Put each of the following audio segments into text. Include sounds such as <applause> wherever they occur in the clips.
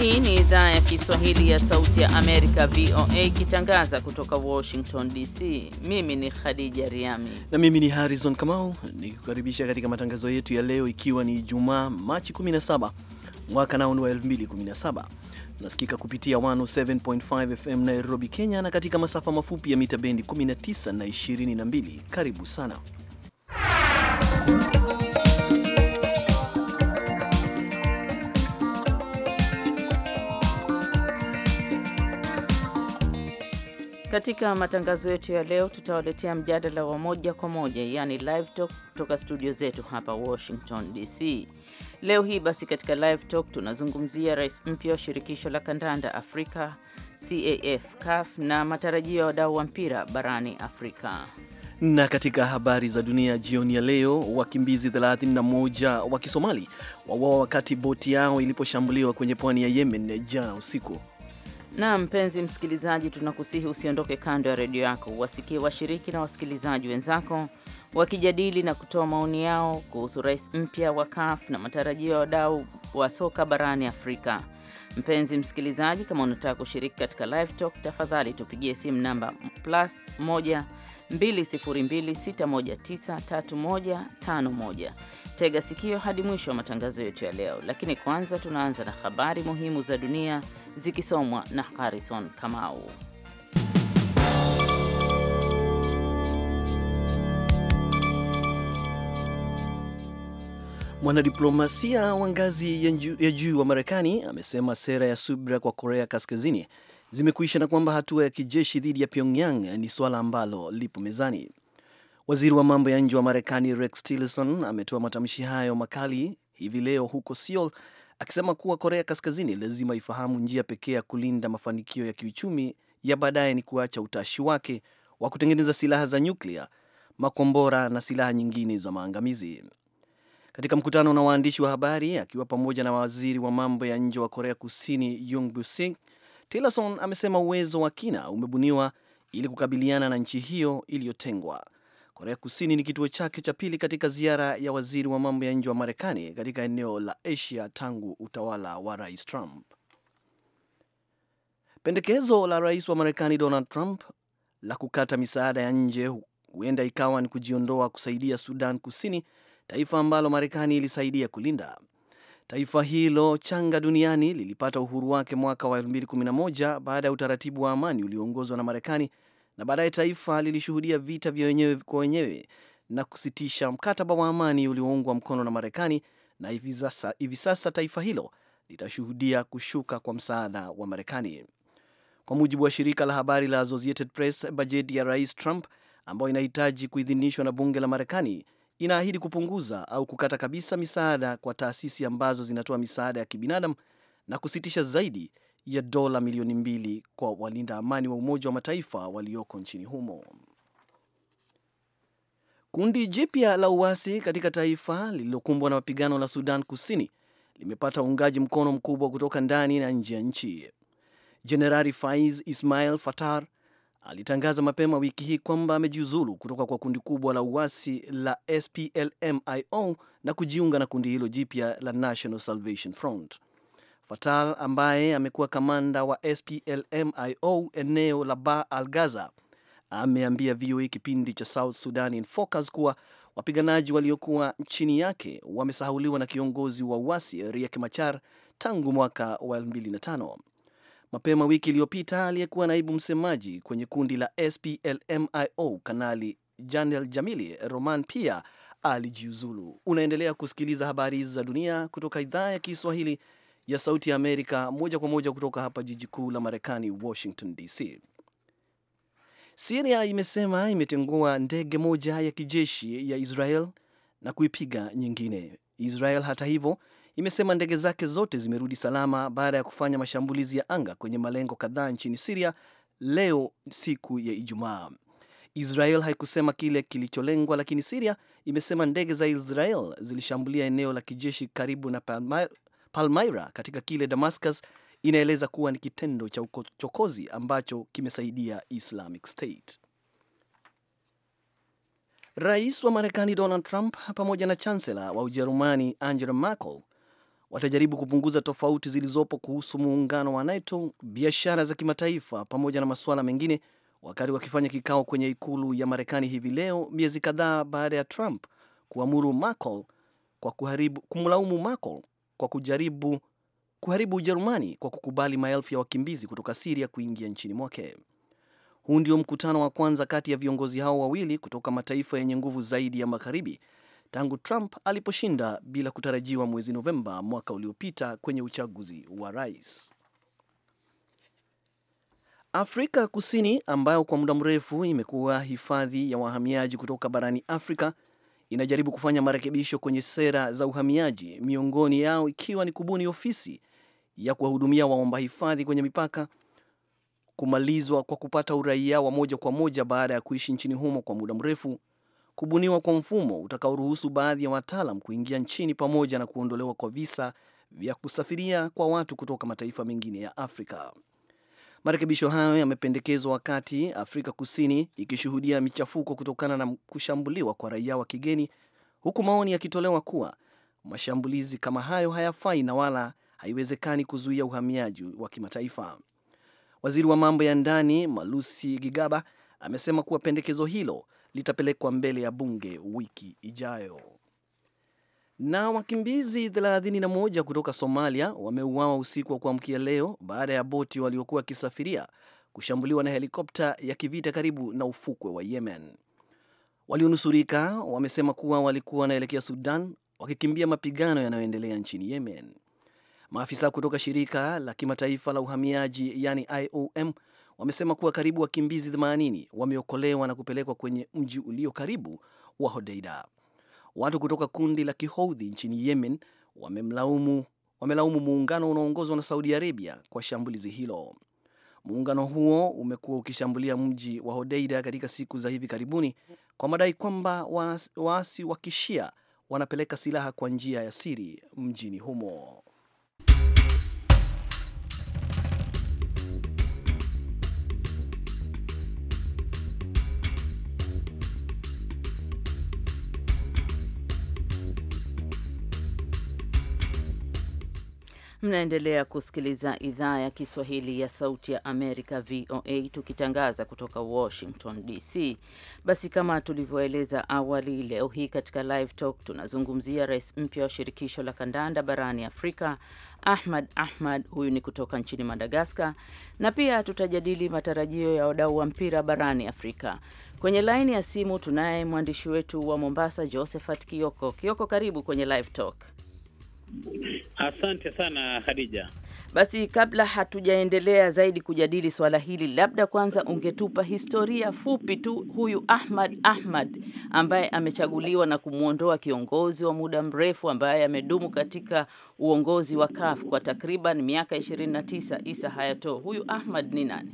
Hii ni idhaa ya Kiswahili ya Sauti ya Amerika, VOA, ikitangaza kutoka Washington DC. Mimi ni Khadija Riami na mimi ni Harrison Kamau, nikukaribisha katika matangazo yetu ya leo, ikiwa ni Ijumaa Machi 17 mwaka nao ni wa 2017. Tunasikika kupitia 107.5 FM Nairobi, Kenya, na katika masafa mafupi ya mita bendi 19 na 22. Karibu sana Katika matangazo yetu ya leo tutawaletea mjadala wa moja kwa moja, yani live talk kutoka studio zetu hapa Washington DC. Leo hii basi, katika live talk tunazungumzia rais mpya wa shirikisho la kandanda Afrika CAF CAF na matarajio ya wadau wa mpira barani Afrika. Na katika habari za dunia jioni ya leo, wakimbizi 31 wa Kisomali wauawa wakati boti yao iliposhambuliwa kwenye pwani ya Yemen jana usiku. Na mpenzi msikilizaji, tunakusihi usiondoke kando ya redio yako, wasikie washiriki na wasikilizaji wenzako wakijadili na kutoa maoni yao kuhusu rais mpya wa CAF na matarajio ya wadau wa soka barani Afrika. Mpenzi msikilizaji, kama unataka kushiriki katika live talk, tafadhali tupigie simu namba plus 1 Tega sikio hadi mwisho wa matangazo yetu ya leo, lakini kwanza tunaanza na habari muhimu za dunia zikisomwa na Harrison Kamau. Mwanadiplomasia wa ngazi ya juu wa Marekani amesema sera ya subira kwa Korea Kaskazini zimekuisha na kwamba hatua ya kijeshi dhidi ya Pyongyang ni suala ambalo lipo mezani. Waziri wa mambo ya nje wa Marekani Rex Tillerson ametoa matamshi hayo makali hivi leo huko Seoul akisema kuwa Korea Kaskazini lazima ifahamu njia pekee ya kulinda mafanikio ya kiuchumi ya baadaye ni kuacha utashi wake wa kutengeneza silaha za nyuklia, makombora na silaha nyingine za maangamizi. Katika mkutano na waandishi wa habari akiwa pamoja na waziri wa mambo ya nje wa Korea Kusini Yung Busing, Tillerson amesema uwezo wa kina umebuniwa ili kukabiliana na nchi hiyo iliyotengwa. Korea Kusini ni kituo chake cha pili katika ziara ya waziri wa mambo ya nje wa Marekani katika eneo la Asia tangu utawala wa Rais Trump. Pendekezo la rais wa Marekani Donald Trump la kukata misaada ya nje huenda ikawa ni kujiondoa kusaidia Sudan Kusini, taifa ambalo Marekani ilisaidia kulinda. Taifa hilo changa duniani lilipata uhuru wake mwaka wa 2011 baada ya utaratibu wa amani ulioongozwa na Marekani na baadaye taifa lilishuhudia vita vya wenyewe kwa wenyewe na kusitisha mkataba wa amani ulioungwa mkono na Marekani, na hivi sasa taifa hilo litashuhudia kushuka kwa msaada wa Marekani. Kwa mujibu wa shirika la habari la Associated Press, bajeti ya Rais Trump ambayo inahitaji kuidhinishwa na bunge la Marekani inaahidi kupunguza au kukata kabisa misaada kwa taasisi ambazo zinatoa misaada ya kibinadamu na kusitisha zaidi ya dola milioni mbili kwa walinda amani wa Umoja wa Mataifa walioko nchini humo. Kundi jipya la uasi katika taifa lililokumbwa na mapigano la Sudan Kusini limepata uungaji mkono mkubwa kutoka ndani na nje ya nchi. Jenerali Faiz Ismail Fatar alitangaza mapema wiki hii kwamba amejiuzulu kutoka kwa kundi kubwa la uasi la SPLMIO na kujiunga na kundi hilo jipya la National Salvation Front. Fatal ambaye amekuwa kamanda wa SPLMIO eneo la ba al Gaza ameambia VOA kipindi cha South Sudan in Focus kuwa wapiganaji waliokuwa chini yake wamesahauliwa na kiongozi wa uasi Riek Machar tangu mwaka wa 2005. Mapema wiki iliyopita aliyekuwa naibu msemaji kwenye kundi la SPLMIO Kanali Janel Jamili Roman pia alijiuzulu. Unaendelea kusikiliza habari hizi za dunia kutoka idhaa ya Kiswahili ya Sauti ya Amerika moja kwa moja kutoka hapa jiji kuu la Marekani, Washington DC. Siria imesema imetengua ndege moja ya kijeshi ya Israel na kuipiga nyingine. Israel hata hivyo imesema ndege zake zote zimerudi salama baada ya kufanya mashambulizi ya anga kwenye malengo kadhaa nchini Siria leo siku ya Ijumaa. Israel haikusema kile kilicholengwa, lakini Siria imesema ndege za Israel zilishambulia eneo la kijeshi karibu na Palmyra katika kile Damascus inaeleza kuwa ni kitendo cha uchokozi ambacho kimesaidia Islamic State. Rais wa Marekani Donald Trump pamoja na chansela wa Ujerumani Angela Merkel watajaribu kupunguza tofauti zilizopo kuhusu muungano wa NATO, biashara za kimataifa pamoja na masuala mengine, wakati wakifanya kikao kwenye ikulu ya Marekani hivi leo, miezi kadhaa baada ya Trump kuamuru Merkel kwa kuharibu kumlaumu Merkel kwa kujaribu kuharibu Ujerumani kwa kukubali maelfu ya wakimbizi kutoka Siria kuingia nchini mwake. Huu ndio mkutano wa kwanza kati ya viongozi hao wawili kutoka mataifa yenye nguvu zaidi ya magharibi tangu Trump aliposhinda bila kutarajiwa mwezi Novemba mwaka uliopita kwenye uchaguzi wa rais. Afrika Kusini ambayo kwa muda mrefu imekuwa hifadhi ya wahamiaji kutoka barani Afrika inajaribu kufanya marekebisho kwenye sera za uhamiaji, miongoni yao ikiwa ni kubuni ofisi ya kuwahudumia waomba hifadhi kwenye mipaka, kumalizwa kwa kupata uraia wa moja kwa moja baada ya kuishi nchini humo kwa muda mrefu, kubuniwa kwa mfumo utakaoruhusu baadhi ya wataalam kuingia nchini pamoja na kuondolewa kwa visa vya kusafiria kwa watu kutoka mataifa mengine ya Afrika. Marekebisho hayo yamependekezwa wakati Afrika Kusini ikishuhudia michafuko kutokana na kushambuliwa kwa raia wa kigeni, huku maoni yakitolewa kuwa mashambulizi kama hayo hayafai na wala haiwezekani kuzuia uhamiaji wa kimataifa. Waziri wa mambo ya ndani Malusi Gigaba amesema kuwa pendekezo hilo litapelekwa mbele ya bunge wiki ijayo. Na wakimbizi 31 kutoka Somalia wameuawa usiku wa kuamkia leo baada ya boti waliokuwa wakisafiria kushambuliwa na helikopta ya kivita karibu na ufukwe wa Yemen. Walionusurika wamesema kuwa walikuwa wanaelekea Sudan wakikimbia mapigano yanayoendelea nchini Yemen. Maafisa kutoka shirika la kimataifa la uhamiaji yani IOM wamesema kuwa karibu wakimbizi 80 wameokolewa na kupelekwa kwenye mji ulio karibu wa Hodeida. Watu kutoka kundi la Kihoudhi nchini Yemen wamelaumu wamelaumu muungano unaoongozwa na Saudi Arabia kwa shambulizi hilo. Muungano huo umekuwa ukishambulia mji wa Hodeida katika siku za hivi karibuni kwa madai kwamba waasi wa Kishia wanapeleka silaha kwa njia ya siri mjini humo. Mnaendelea kusikiliza idhaa ya Kiswahili ya Sauti ya Amerika, VOA, tukitangaza kutoka Washington DC. Basi kama tulivyoeleza awali, leo hii katika Live Talk tunazungumzia rais mpya wa shirikisho la kandanda barani Afrika, Ahmad Ahmad. Huyu ni kutoka nchini Madagaskar, na pia tutajadili matarajio ya wadau wa mpira barani Afrika. Kwenye laini ya simu tunaye mwandishi wetu wa Mombasa, Josephat Kioko. Kioko, karibu kwenye Live Talk. Asante sana Hadija. Basi kabla hatujaendelea zaidi kujadili swala hili, labda kwanza ungetupa historia fupi tu huyu Ahmad Ahmad ambaye amechaguliwa na kumwondoa kiongozi wa muda mrefu ambaye amedumu katika uongozi wa kaf kwa takriban miaka 29, Isa Hayato. Huyu Ahmad ni nani?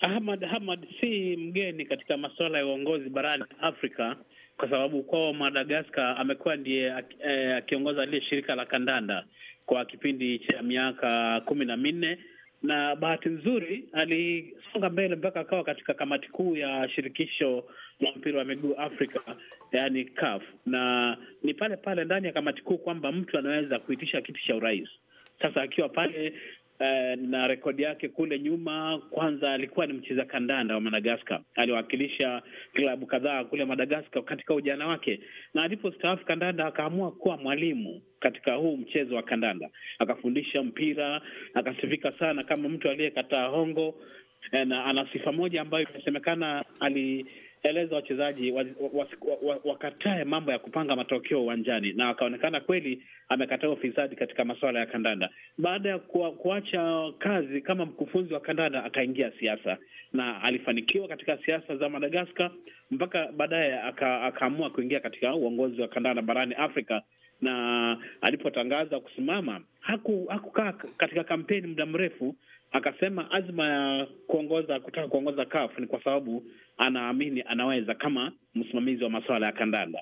Ahmad Ahmad si mgeni katika masuala ya uongozi barani Afrika kwa sababu kwao Madagaskar amekuwa ndiye eh, akiongoza lile shirika la kandanda kwa kipindi cha miaka kumi na minne na bahati nzuri alisonga mbele mpaka akawa katika kamati kuu ya shirikisho la mpira wa miguu Afrika, yani CAF, na ni pale pale ndani ya kamati kuu kwamba mtu anaweza kuitisha kiti cha urais. Sasa akiwa pale Eh, na rekodi yake kule nyuma. Kwanza alikuwa ni mcheza kandanda wa Madagaskar, aliwakilisha klabu kadhaa kule Madagaskar katika ujana wake, na alipostaafu kandanda akaamua kuwa mwalimu katika huu mchezo wa kandanda, akafundisha mpira, akasifika sana kama mtu aliyekataa hongo eh, na ana sifa moja ambayo inasemekana ali eleza wachezaji wakatae wa, wa, wa mambo ya kupanga matokeo uwanjani, na akaonekana kweli amekataa ufisadi katika masuala ya kandanda. Baada ya kuacha kazi kama mkufunzi wa kandanda, akaingia siasa na alifanikiwa katika siasa za Madagaskar mpaka baadaye akaamua kuingia katika uongozi wa kandanda barani Afrika na alipotangaza kusimama hakukaa haku katika kampeni muda mrefu, Akasema azma ya kuongoza kutaka kuongoza CAF ni kwa sababu anaamini anaweza kama msimamizi wa masuala ya kandanda.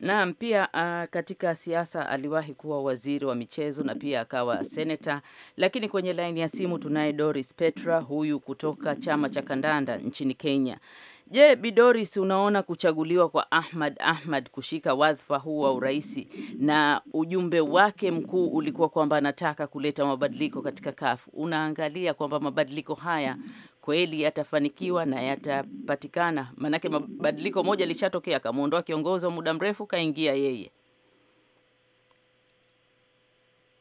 Naam, pia uh, katika siasa aliwahi kuwa waziri wa michezo na pia akawa seneta. Lakini kwenye laini ya simu tunaye Doris Petra, huyu kutoka chama cha kandanda nchini Kenya. Je, Bidoris, unaona kuchaguliwa kwa Ahmad Ahmad kushika wadhifa huu wa uraisi na ujumbe wake mkuu ulikuwa kwamba anataka kuleta mabadiliko katika kafu, unaangalia kwamba mabadiliko haya kweli yatafanikiwa na yatapatikana? Maanake mabadiliko moja alishatokea akamwondoa kiongozi wa muda mrefu, kaingia yeye.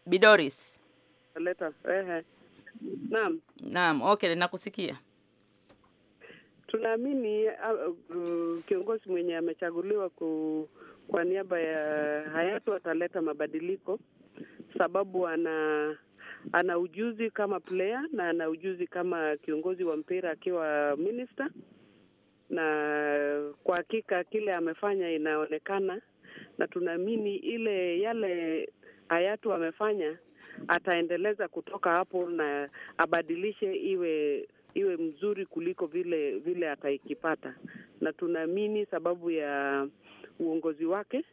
Bidoris, naam, naam, okay, nakusikia tunaamini uh, uh, kiongozi mwenye amechaguliwa ku, kwa niaba ya hayatu ataleta mabadiliko, sababu ana ana ujuzi kama player na ana ujuzi kama kiongozi wa mpira akiwa minister, na kwa hakika kile amefanya inaonekana, na tunaamini ile yale hayatu amefanya ataendeleza kutoka hapo na abadilishe iwe iwe mzuri kuliko vile vile ataikipata, na tunaamini sababu ya uongozi wake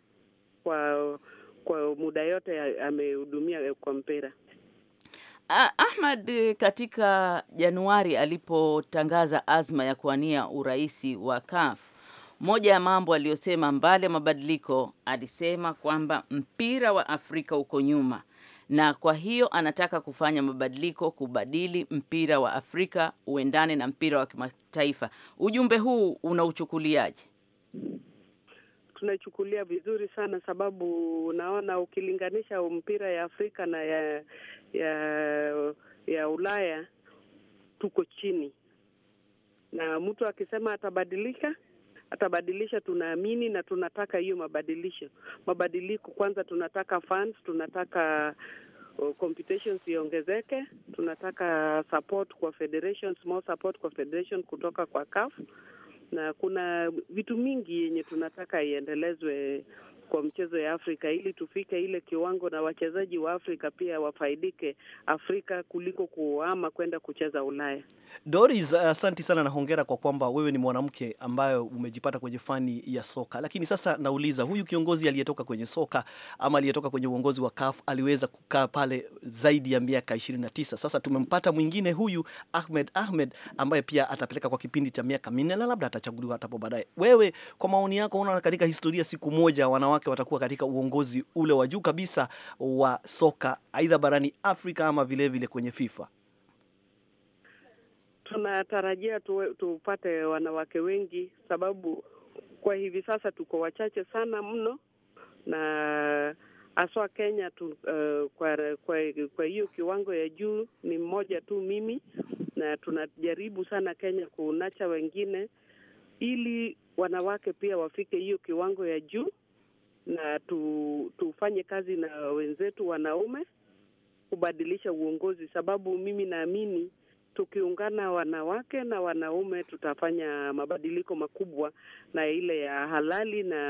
kwa kwa muda yote amehudumia kwa mpira Ahmad katika Januari alipotangaza azma ya kuwania urais wa CAF, moja ya mambo aliyosema mbali ya mabadiliko, alisema kwamba mpira wa Afrika uko nyuma na kwa hiyo anataka kufanya mabadiliko, kubadili mpira wa Afrika uendane na mpira wa kimataifa. Ujumbe huu unauchukuliaje? Tunaichukulia vizuri sana, sababu unaona ukilinganisha mpira ya Afrika na ya ya, ya Ulaya tuko chini, na mtu akisema atabadilika atabadilisha, tunaamini na tunataka hiyo mabadilisho, mabadiliko. Kwanza tunataka funds, tunataka uh, competitions iongezeke, tunataka support kwa federations, support kwa federation kutoka kwa CAF na kuna vitu mingi yenye tunataka iendelezwe kwa mchezo ya Afrika ili tufike ile kiwango na wachezaji wa Afrika pia wafaidike Afrika kuliko kuhama kwenda kucheza Ulaya. Doris, asanti uh, sana na hongera kwa kwamba wewe ni mwanamke ambayo umejipata kwenye fani ya soka. Lakini sasa nauliza, huyu kiongozi aliyetoka kwenye soka ama aliyetoka kwenye uongozi wa CAF aliweza kukaa pale zaidi ya miaka 29. Sasa tumempata mwingine huyu Ahmed Ahmed ambaye pia atapeleka kwa kipindi cha miaka minne na labda atachaguliwa hapo baadaye. Wewe kwa maoni yako, unaona katika historia siku moja wanawake wake watakuwa katika uongozi ule wa juu kabisa wa soka aidha barani Afrika ama vilevile vile kwenye FIFA. Tunatarajia tu, tupate wanawake wengi, sababu kwa hivi sasa tuko wachache sana mno, na haswa Kenya tu, uh, kwa kwa kwa hiyo kiwango ya juu ni mmoja tu mimi, na tunajaribu sana Kenya kunacha wengine ili wanawake pia wafike hiyo kiwango ya juu na tu, tufanye kazi na wenzetu wanaume kubadilisha uongozi, sababu mimi naamini tukiungana wanawake na wanaume tutafanya mabadiliko makubwa na ile ya halali na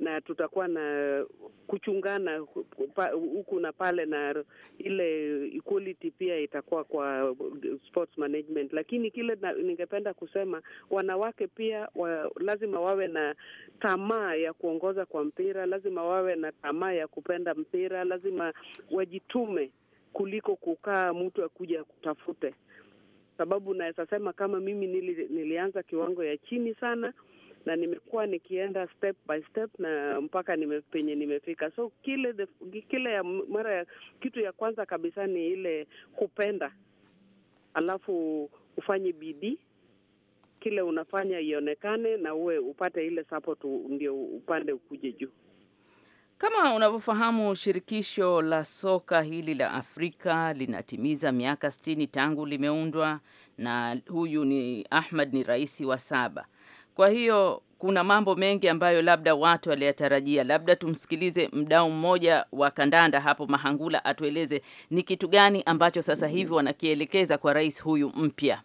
na tutakuwa na kuchungana huku na pale, na ile equality pia itakuwa kwa sports management. Lakini kile na, ningependa kusema wanawake pia wa, lazima wawe na tamaa ya kuongoza kwa mpira, lazima wawe na tamaa ya kupenda mpira, lazima wajitume kuliko kukaa mtu akuja kutafute sababu. Naweza sema kama mimi nili, nilianza kiwango ya chini sana na nimekuwa nikienda step by step na mpaka nime, penye nimefika. So kile the, kile ya mara ya kitu ya kwanza kabisa ni ile kupenda, alafu ufanye bidii kile unafanya ionekane na uwe upate ile support, ndio upande ukuje juu. Kama unavyofahamu, shirikisho la soka hili la Afrika linatimiza miaka sitini tangu limeundwa, na huyu ni Ahmad ni rais wa saba. Kwa hiyo kuna mambo mengi ambayo labda watu waliyatarajia. Labda tumsikilize mdau mmoja wa kandanda hapo Mahangula atueleze ni kitu gani ambacho sasa mm-hmm. hivi wanakielekeza kwa rais huyu mpya.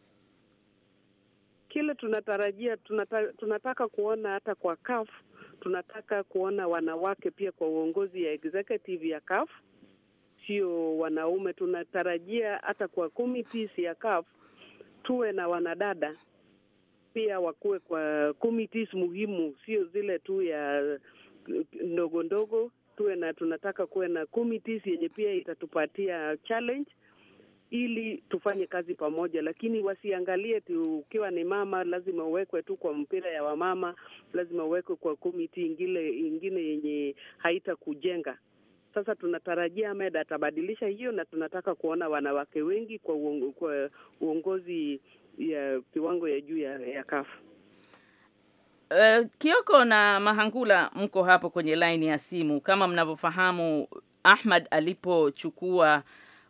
Kile tunatarajia tunata, tunataka kuona hata kwa CAF tunataka kuona wanawake pia kwa uongozi ya executive ya CAF, sio wanaume. Tunatarajia hata kwa committees ya CAF tuwe na wanadada pia wakuwe kwa committees muhimu, sio zile tu ya eh, ndogo ndogo. Tuwe na tunataka kuwe na committees yenye pia itatupatia challenge ili tufanye kazi pamoja, lakini wasiangalie tu ukiwa ni mama lazima uwekwe tu kwa mpira ya wamama, lazima uwekwe kwa komiti ingine ingine yenye haita kujenga. Sasa tunatarajia Ahmed atabadilisha hiyo, na tunataka kuona wanawake wengi kwa uongozi ya kiwango ya juu ya, ya kafu. Uh, eh, Kioko na Mahangula, mko hapo kwenye laini ya simu. Kama mnavyofahamu, Ahmad alipochukua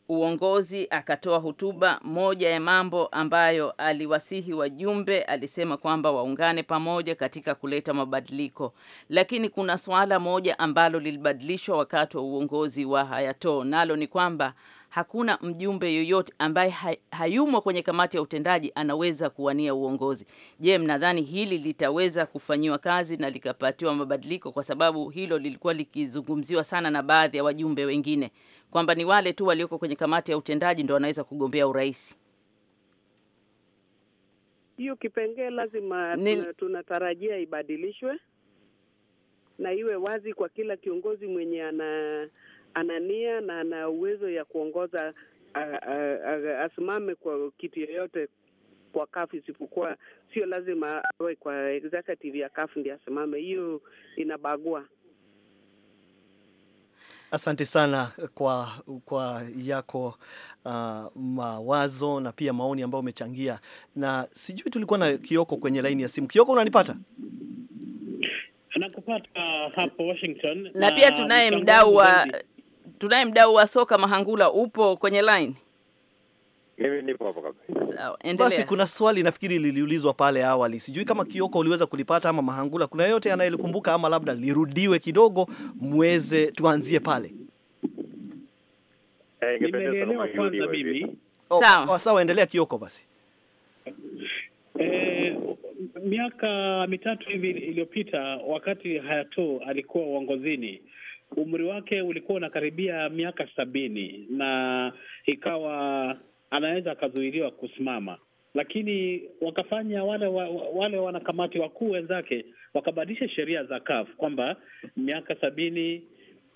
uongozi akatoa hotuba. Moja ya mambo ambayo aliwasihi wajumbe, alisema kwamba waungane pamoja katika kuleta mabadiliko, lakini kuna swala moja ambalo lilibadilishwa wakati wa uongozi wa Hayato, nalo ni kwamba hakuna mjumbe yoyote ambaye hayumwa kwenye kamati ya utendaji anaweza kuwania uongozi. Je, mnadhani hili litaweza kufanyiwa kazi na likapatiwa mabadiliko? Kwa sababu hilo lilikuwa likizungumziwa sana na baadhi ya wajumbe wengine kwamba ni wale tu walioko kwenye kamati ya utendaji ndo wanaweza kugombea urais. Hiyo kipengee lazima Nil... tunatarajia ibadilishwe na iwe wazi kwa kila kiongozi mwenye ana ana nia na ana uwezo ya kuongoza asimame kwa kitu yoyote kwa kafu, isipokuwa sio lazima awe kwa executive ya kafu ndi asimame. Hiyo inabagua. Asante sana kwa, kwa yako uh, mawazo na pia maoni ambayo umechangia, na sijui tulikuwa na Kioko kwenye laini ya simu. Kioko, unanipata? Nakupata hapo Washington, na, na pia tunaye mdau wa tunaye mdau wa soka Mahangula, upo kwenye line? Mimi nipo hapo kabisa. Sawa, endelea. Basi kuna swali nafikiri liliulizwa pale awali, sijui kama Kioko uliweza kulipata ama Mahangula, kuna yote anayelikumbuka ama labda lirudiwe kidogo, muweze tuanzie pale. Eh, Nimeelewa kwanza mimi. Oh, sawa, oh, sawa, endelea Kioko basi. Eh, miaka mitatu hivi iliyopita wakati hayato alikuwa uongozini umri wake ulikuwa unakaribia miaka sabini na ikawa anaweza akazuiliwa kusimama, lakini wakafanya wale wa, wale wanakamati wakuu wenzake wakabadilisha sheria za CAF kwamba miaka sabini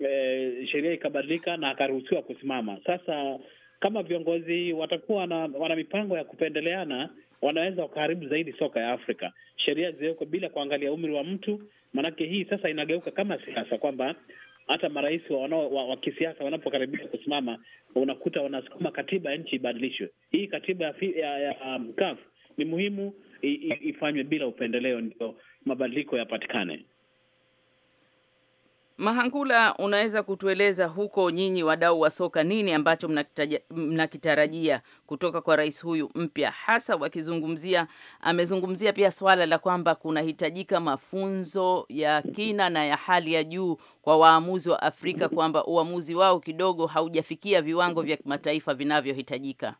e, sheria ikabadilika na akaruhusiwa kusimama. Sasa kama viongozi watakuwa na, wana mipango ya kupendeleana wanaweza wakaharibu zaidi soka ya Afrika. Sheria ziwekwe bila kuangalia umri wa mtu, maanake hii sasa inageuka kama siasa, kwamba hata marais wa kisiasa wanapokaribia kusimama, unakuta wanasukuma katiba ya nchi ibadilishwe. Hii katiba ya, ya, ya um, CUF ni muhimu ifanywe bila upendeleo, ndio mabadiliko yapatikane. Mahangula, unaweza kutueleza huko nyinyi wadau wa soka nini ambacho mnakitarajia mna kutoka kwa rais huyu mpya, hasa wakizungumzia, amezungumzia pia swala la kwamba kunahitajika mafunzo ya kina na ya hali ya juu kwa waamuzi wa Afrika, kwamba uamuzi wao kidogo haujafikia viwango vya kimataifa vinavyohitajika.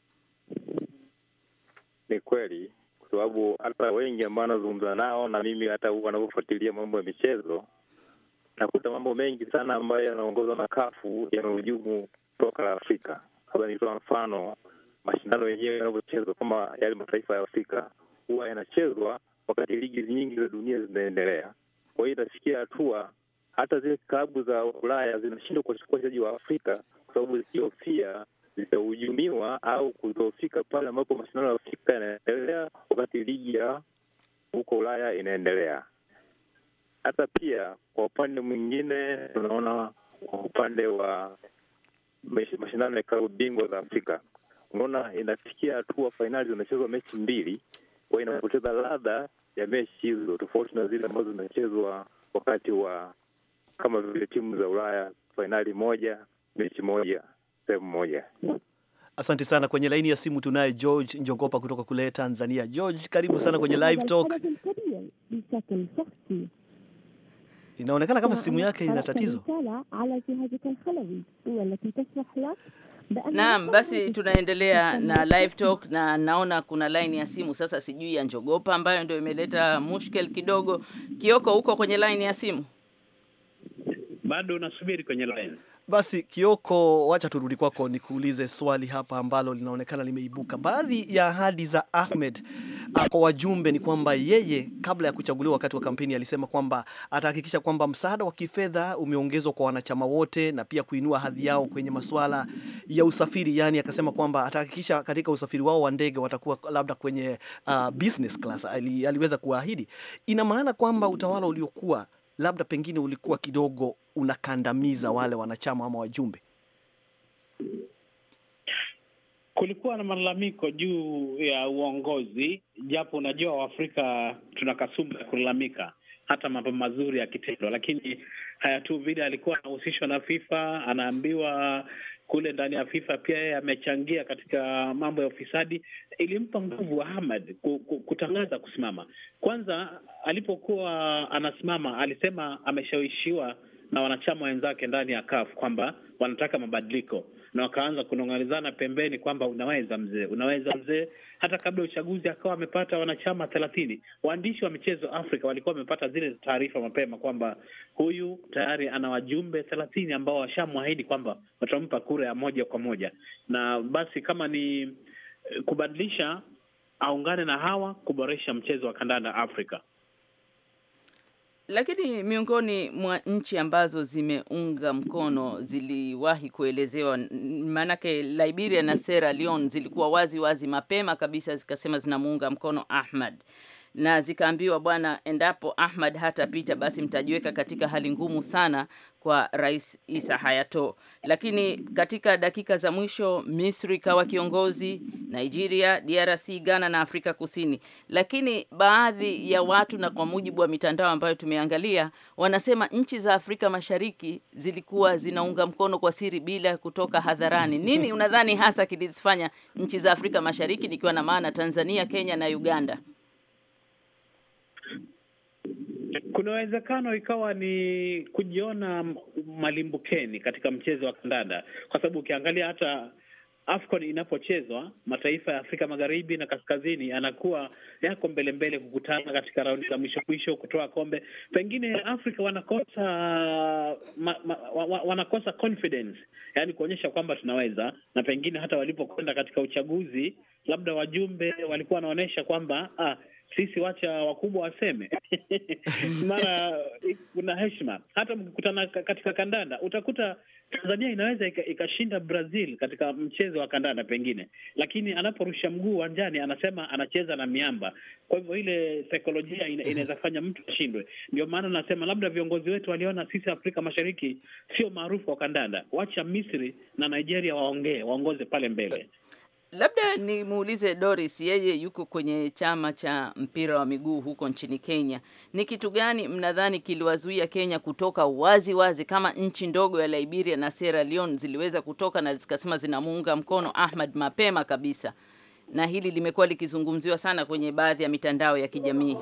Ni kweli, kwa sababu hata wengi ambao wanazungumza nao na mimi hata wanavyofuatilia mambo ya michezo nakuta mambo mengi sana ambayo yanaongozwa na kafu yanahujumu soka la Afrika. Labda nitoa mfano, mashindano yenyewe yanavyochezwa kama yale mataifa ya Afrika huwa yanachezwa wakati ligi nyingi za dunia zinaendelea. Kwa hiyo inafikia hatua hata zile klabu za Ulaya zinashindwa kuwachukua wachezaji wa Afrika kwa sababu zikihofia zitahujumiwa au kudhoofika pale ambapo mashindano ya Afrika yanaendelea wakati ligi ya huko Ulaya inaendelea. Hata pia kwa upande mwingine tunaona kwa upande wa mashindano ya klabu bingwa za Afrika, unaona inafikia hatua fainali zinachezwa mechi mbili, kwa inapoteza ladha ya mechi hizo, tofauti na zile ambazo zinachezwa wakati wa kama vile timu za Ulaya, fainali moja mechi moja sehemu moja. Asante sana. Kwenye laini ya simu tunaye George Njogopa kutoka kule Tanzania. George, karibu sana kwenye Live Talk. Inaonekana kama simu yake ina tatizo. Naam, basi tunaendelea na live talk, na naona kuna line ya simu sasa, sijui ya Njogopa ambayo ndio imeleta mushkel kidogo. Kioko, huko kwenye line ya simu? Bado nasubiri kwenye line. Basi Kioko, wacha turudi kwako nikuulize swali hapa ambalo linaonekana limeibuka. Baadhi ya ahadi za Ahmed ah, kwa wajumbe ni kwamba yeye kabla ya kuchaguliwa, wakati wa kampeni, alisema kwamba atahakikisha kwamba msaada wa kifedha umeongezwa kwa wanachama wote na pia kuinua hadhi yao kwenye masuala ya usafiri. Yani akasema kwamba atahakikisha katika usafiri wao wa ndege watakuwa labda kwenye uh, business class. Ali, aliweza kuahidi. Ina maana kwamba utawala uliokuwa labda pengine ulikuwa kidogo unakandamiza wale wanachama ama wajumbe? Kulikuwa na malalamiko juu ya uongozi, japo unajua Waafrika tuna kasumba ya kulalamika hata mambo mazuri ya kitendo lakini haya tu vile alikuwa anahusishwa na FIFA, anaambiwa kule ndani ya FIFA pia yeye amechangia katika mambo ya ufisadi. Ilimpa nguvu Ahmad kutangaza kusimama. Kwanza alipokuwa anasimama, alisema ameshawishiwa na wanachama wenzake ndani ya CAF kwamba wanataka mabadiliko na wakaanza kunong'alizana pembeni kwamba unaweza mzee, unaweza mzee. Hata kabla ya uchaguzi akawa amepata wanachama thelathini. Waandishi wa michezo Afrika walikuwa wamepata zile taarifa mapema kwamba huyu tayari ana wajumbe thelathini ambao washamwahidi kwamba watampa kura ya moja kwa moja, na basi kama ni eh, kubadilisha aungane na hawa kuboresha mchezo wa kandanda Afrika. Lakini miongoni mwa nchi ambazo zimeunga mkono ziliwahi kuelezewa, maanake Liberia na Sierra Leone zilikuwa wazi wazi mapema kabisa zikasema zinamuunga mkono Ahmad, na zikaambiwa, bwana, endapo Ahmad hatapita basi mtajiweka katika hali ngumu sana kwa Rais Isa Hayato. Lakini katika dakika za mwisho Misri kawa kiongozi, Nigeria, DRC, Ghana na Afrika Kusini. Lakini baadhi ya watu, na kwa mujibu wa mitandao ambayo tumeangalia, wanasema nchi za Afrika Mashariki zilikuwa zinaunga mkono kwa siri bila kutoka hadharani. Nini unadhani hasa kilizifanya nchi za Afrika Mashariki, nikiwa na maana Tanzania, Kenya na Uganda? Kuna uwezekano ikawa ni kujiona malimbukeni katika mchezo wa kandanda, kwa sababu ukiangalia hata AFCON inapochezwa mataifa ya Afrika magharibi na kaskazini yanakuwa yako mbele mbele kukutana katika raundi za mwisho mwisho kutoa kombe. Pengine Afrika wanakosa ma, ma, wa, wanakosa confidence, yaani kuonyesha kwamba tunaweza, na pengine hata walipokwenda katika uchaguzi, labda wajumbe walikuwa wanaonyesha kwamba ah, sisi wacha wakubwa waseme <laughs> mara eh, kuna heshima. Hata mkikutana katika kandanda, utakuta Tanzania inaweza ikashinda Brazil katika mchezo wa kandanda pengine, lakini anaporusha mguu uwanjani anasema anacheza na miamba. Kwa hivyo ile saikolojia inaweza fanya mtu ashindwe. Ndio maana nasema labda viongozi wetu waliona sisi Afrika Mashariki sio maarufu wa kandanda, wacha Misri na Nigeria waongee, waongoze pale mbele labda nimuulize Doris, yeye yuko kwenye chama cha mpira wa miguu huko nchini Kenya. Ni kitu gani mnadhani kiliwazuia Kenya kutoka wazi wazi kama nchi ndogo ya Liberia na Sierra Leone ziliweza kutoka na zikasema zinamuunga mkono Ahmad mapema kabisa, na hili limekuwa likizungumziwa sana kwenye baadhi ya mitandao ya kijamii.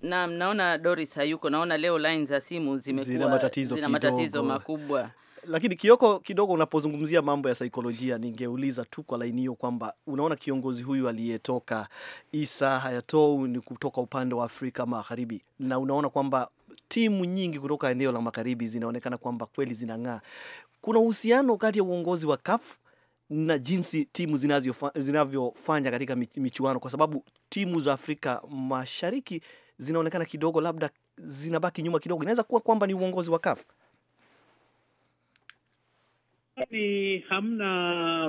Naam, naona Doris hayuko. Naona leo line za simu zimekuwa zina matatizo, zina matatizo makubwa. Lakini Kioko, kidogo unapozungumzia mambo ya saikolojia, ningeuliza tu kwa laini hiyo kwamba unaona kiongozi huyu aliyetoka Isa Hayatou ni kutoka upande wa Afrika Magharibi, na unaona kwamba timu nyingi kutoka eneo la magharibi zinaonekana kwamba kweli zinang'aa. Kuna uhusiano kati ya uongozi wa CAF na jinsi timu zinavyofanya katika michuano, kwa sababu timu za Afrika Mashariki zinaonekana kidogo labda zinabaki nyuma kidogo. Inaweza kuwa kwamba ni uongozi wa CAF ni hamna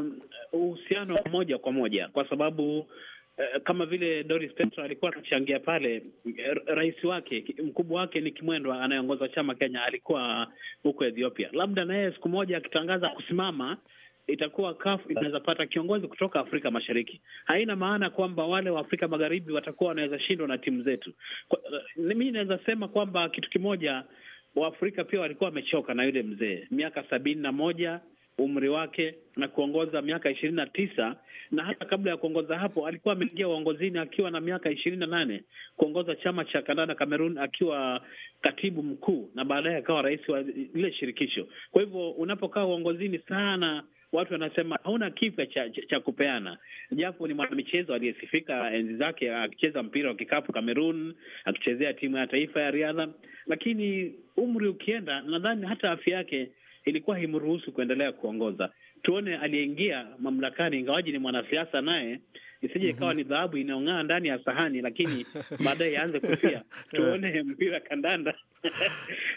uh, uhusiano wa moja kwa moja kwa sababu eh, kama vile Doris Petro alikuwa anachangia pale, uh, rais wake mkubwa wake ni Kimwendwa anayeongoza chama Kenya, alikuwa huko Ethiopia. Labda yeye siku moja akitangaza kusimama itakuwa CAF inaweza pata kiongozi kutoka Afrika Mashariki. Haina maana kwamba wale wa Afrika Magharibi watakuwa wanaweza shindwa na timu zetu. Mi naweza sema kwamba kitu kimoja, Waafrika pia walikuwa wamechoka na yule mzee, miaka sabini na moja umri wake na kuongoza miaka ishirini na tisa na hata kabla ya kuongoza hapo alikuwa ameingia uongozini akiwa na miaka ishirini na nane kuongoza chama cha kandanda Cameroon akiwa katibu mkuu na baadaye akawa rais wa lile shirikisho. Kwa hivyo unapokaa uongozini sana watu wanasema hauna kifya cha, cha, cha kupeana, japo ni mwanamichezo aliyesifika enzi zake akicheza mpira wa kikapu Cameroon, akichezea timu ya taifa ya riadha, lakini umri ukienda, nadhani hata afya yake ilikuwa haimruhusu kuendelea kuongoza. Tuone aliyeingia mamlakani, ingawaji ni mwanasiasa naye isije ikawa mm -hmm. ni dhahabu inayong'aa ndani ya sahani, lakini <laughs> baadaye yaanze kufia. Tuone <laughs> mpira kandanda <laughs>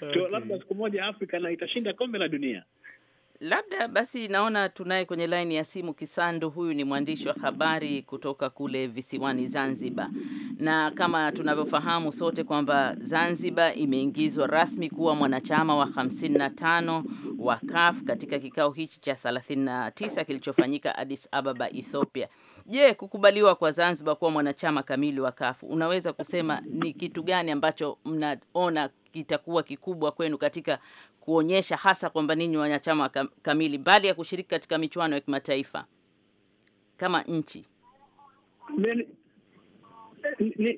tu, okay. Labda siku moja Afrika na itashinda kombe la dunia. Labda basi, naona tunaye kwenye laini ya simu Kisandu. Huyu ni mwandishi wa habari kutoka kule visiwani Zanzibar, na kama tunavyofahamu sote kwamba Zanzibar imeingizwa rasmi kuwa mwanachama wa 55 wa CAF katika kikao hichi cha 39 kilichofanyika Addis Ababa, Ethiopia. Je, kukubaliwa kwa Zanzibar kuwa mwanachama kamili wa CAF, unaweza kusema ni kitu gani ambacho mnaona kitakuwa kikubwa kwenu katika kuonyesha hasa kwamba ninyi wanachama kam, kamili bali ya kushiriki katika michuano ya kimataifa kama nchi?